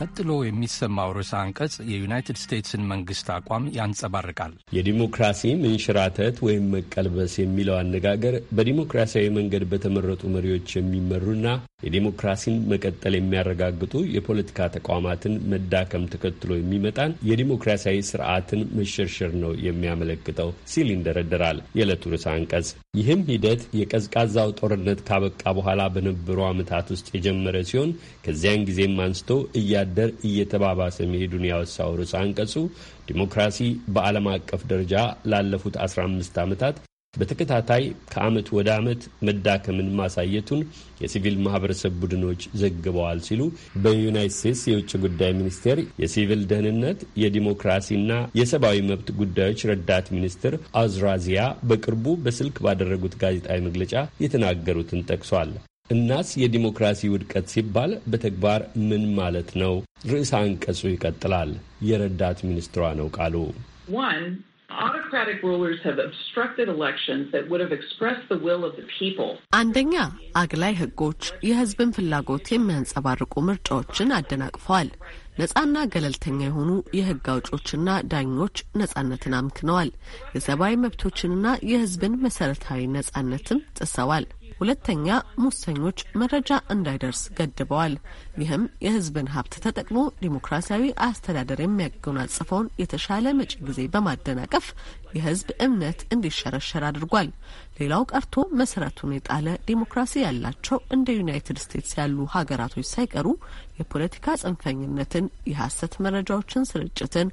ቀጥሎ የሚሰማው ርዕሰ አንቀጽ የዩናይትድ ስቴትስን መንግስት አቋም ያንጸባርቃል። የዲሞክራሲ ምንሽራተት ወይም መቀልበስ የሚለው አነጋገር በዲሞክራሲያዊ መንገድ በተመረጡ መሪዎች የሚመሩና የዲሞክራሲን መቀጠል የሚያረጋግጡ የፖለቲካ ተቋማትን መዳከም ተከትሎ የሚመጣን የዲሞክራሲያዊ ስርዓትን መሸርሸር ነው የሚያመለክተው ሲል ይንደረደራል የዕለቱ ርዕሰ አንቀጽ። ይህም ሂደት የቀዝቃዛው ጦርነት ካበቃ በኋላ በነበሩ ዓመታት ውስጥ የጀመረ ሲሆን ከዚያን ጊዜም አንስቶ እያ ሲወዳደር እየተባባሰ መሄዱን ያወሳው ርዕሰ አንቀጹ ዲሞክራሲ በዓለም አቀፍ ደረጃ ላለፉት 15 ዓመታት በተከታታይ ከዓመት ወደ ዓመት መዳከምን ማሳየቱን የሲቪል ማህበረሰብ ቡድኖች ዘግበዋል ሲሉ በዩናይት ስቴትስ የውጭ ጉዳይ ሚኒስቴር የሲቪል ደህንነት የዲሞክራሲና የሰብአዊ መብት ጉዳዮች ረዳት ሚኒስትር አዝራዚያ በቅርቡ በስልክ ባደረጉት ጋዜጣዊ መግለጫ የተናገሩትን ጠቅሷል። እናስ የዲሞክራሲ ውድቀት ሲባል በተግባር ምን ማለት ነው? ርዕሰ አንቀጹ ይቀጥላል። የረዳት ሚኒስትሯ ነው ቃሉ። አንደኛ አግላይ ሕጎች የሕዝብን ፍላጎት የሚያንጸባርቁ ምርጫዎችን አደናቅፈዋል። ነጻና ገለልተኛ የሆኑ የሕግ አውጮችና ዳኞች ነጻነትን አምክነዋል። የሰብአዊ መብቶችንና የሕዝብን መሰረታዊ ነጻነትም ጥሰዋል። ሁለተኛ ሙሰኞች መረጃ እንዳይደርስ ገድበዋል። ይህም የሕዝብን ሀብት ተጠቅሞ ዲሞክራሲያዊ አስተዳደር የሚያጎናጽፈውን የተሻለ መጪ ጊዜ በማደናቀፍ የሕዝብ እምነት እንዲሸረሸር አድርጓል። ሌላው ቀርቶ መሰረቱን የጣለ ዲሞክራሲ ያላቸው እንደ ዩናይትድ ስቴትስ ያሉ ሀገራቶች ሳይቀሩ የፖለቲካ ጽንፈኝነትን፣ የሀሰት መረጃዎችን ስርጭትን፣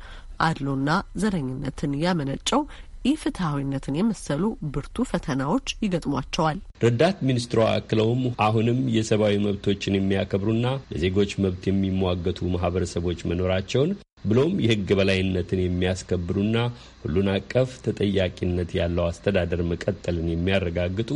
አድሎና ዘረኝነትን ያመነጨው ኢፍትሐዊነትን የመሰሉ ብርቱ ፈተናዎች ይገጥሟቸዋል። ረዳት ሚኒስትሯ አክለውም አሁንም የሰብአዊ መብቶችን የሚያከብሩና ለዜጎች መብት የሚሟገቱ ማህበረሰቦች መኖራቸውን ብሎም የህግ በላይነትን የሚያስከብሩና ሁሉን አቀፍ ተጠያቂነት ያለው አስተዳደር መቀጠልን የሚያረጋግጡ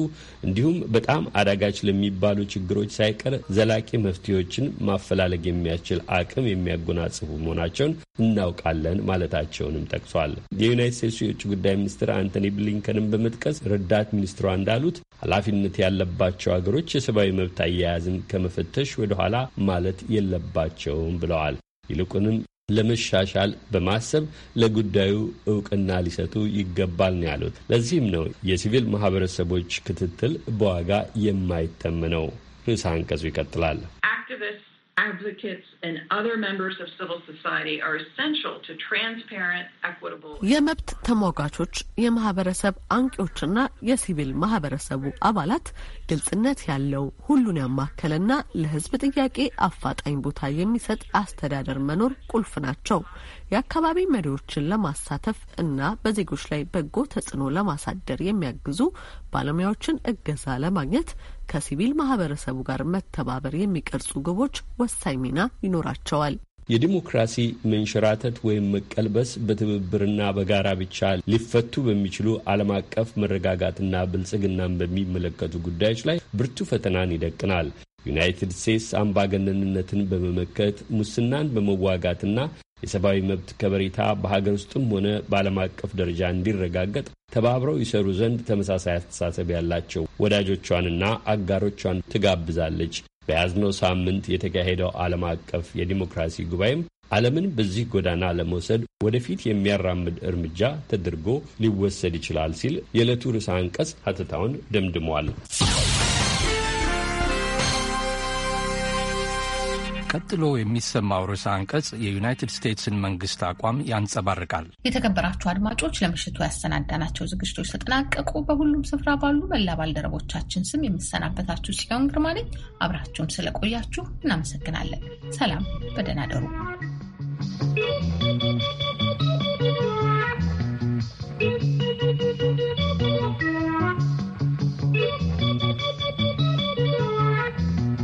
እንዲሁም በጣም አዳጋች ለሚባሉ ችግሮች ሳይቀር ዘላቂ መፍትሄዎችን ማፈላለግ የሚያስችል አቅም የሚያጎናጽፉ መሆናቸውን እናውቃለን ማለታቸውንም ጠቅሷል። የዩናይት ስቴትስ የውጭ ጉዳይ ሚኒስትር አንቶኒ ብሊንከንን በመጥቀስ ረዳት ሚኒስትሯ እንዳሉት ኃላፊነት ያለባቸው ሀገሮች የሰብአዊ መብት አያያዝን ከመፈተሽ ወደኋላ ማለት የለባቸውም ብለዋል። ይልቁንም ለመሻሻል በማሰብ ለጉዳዩ እውቅና ሊሰጡ ይገባል ነው ያሉት። ለዚህም ነው የሲቪል ማህበረሰቦች ክትትል በዋጋ የማይተመነው። ርዕሰ አንቀጹ ይቀጥላል። የመብት ተሟጋቾች የማህበረሰብ አንቂዎችና የሲቪል ማህበረሰቡ አባላት ግልጽነት ያለው ሁሉን ያማከለና ለህዝብ ጥያቄ አፋጣኝ ቦታ የሚሰጥ አስተዳደር መኖር ቁልፍ ናቸው። የአካባቢ መሪዎችን ለማሳተፍ እና በዜጎች ላይ በጎ ተጽዕኖ ለማሳደር የሚያግዙ ባለሙያዎችን እገዛ ለማግኘት ከሲቪል ማህበረሰቡ ጋር መተባበር የሚቀርጹ ግቦች ወሳኝ ሚና ይኖራቸዋል። የዲሞክራሲ መንሸራተት ወይም መቀልበስ በትብብርና በጋራ ብቻ ሊፈቱ በሚችሉ ዓለም አቀፍ መረጋጋትና ብልጽግናን በሚመለከቱ ጉዳዮች ላይ ብርቱ ፈተናን ይደቅናል። ዩናይትድ ስቴትስ አምባገነንነትን በመመከት ሙስናን በመዋጋትና የሰብአዊ መብት ከበሬታ በሀገር ውስጥም ሆነ በዓለም አቀፍ ደረጃ እንዲረጋገጥ ተባብረው ይሰሩ ዘንድ ተመሳሳይ አስተሳሰብ ያላቸው ወዳጆቿንና አጋሮቿን ትጋብዛለች። በያዝነው ሳምንት የተካሄደው ዓለም አቀፍ የዲሞክራሲ ጉባኤም ዓለምን በዚህ ጎዳና ለመውሰድ ወደፊት የሚያራምድ እርምጃ ተደርጎ ሊወሰድ ይችላል ሲል የዕለቱ ርዕሰ አንቀጽ ሀተታውን ደምድሟል። ቀጥሎ የሚሰማው ርዕሰ አንቀጽ የዩናይትድ ስቴትስን መንግስት አቋም ያንጸባርቃል። የተከበራችሁ አድማጮች ለምሽቱ ያሰናዳናቸው ዝግጅቶች ተጠናቀቁ። በሁሉም ስፍራ ባሉ መላ ባልደረቦቻችን ስም የምሰናበታችሁ ሲሆን ግርማ ነኝ። ስለቆያችሁ እናመሰግናለን። ሰላም፣ በደህና ደሩ።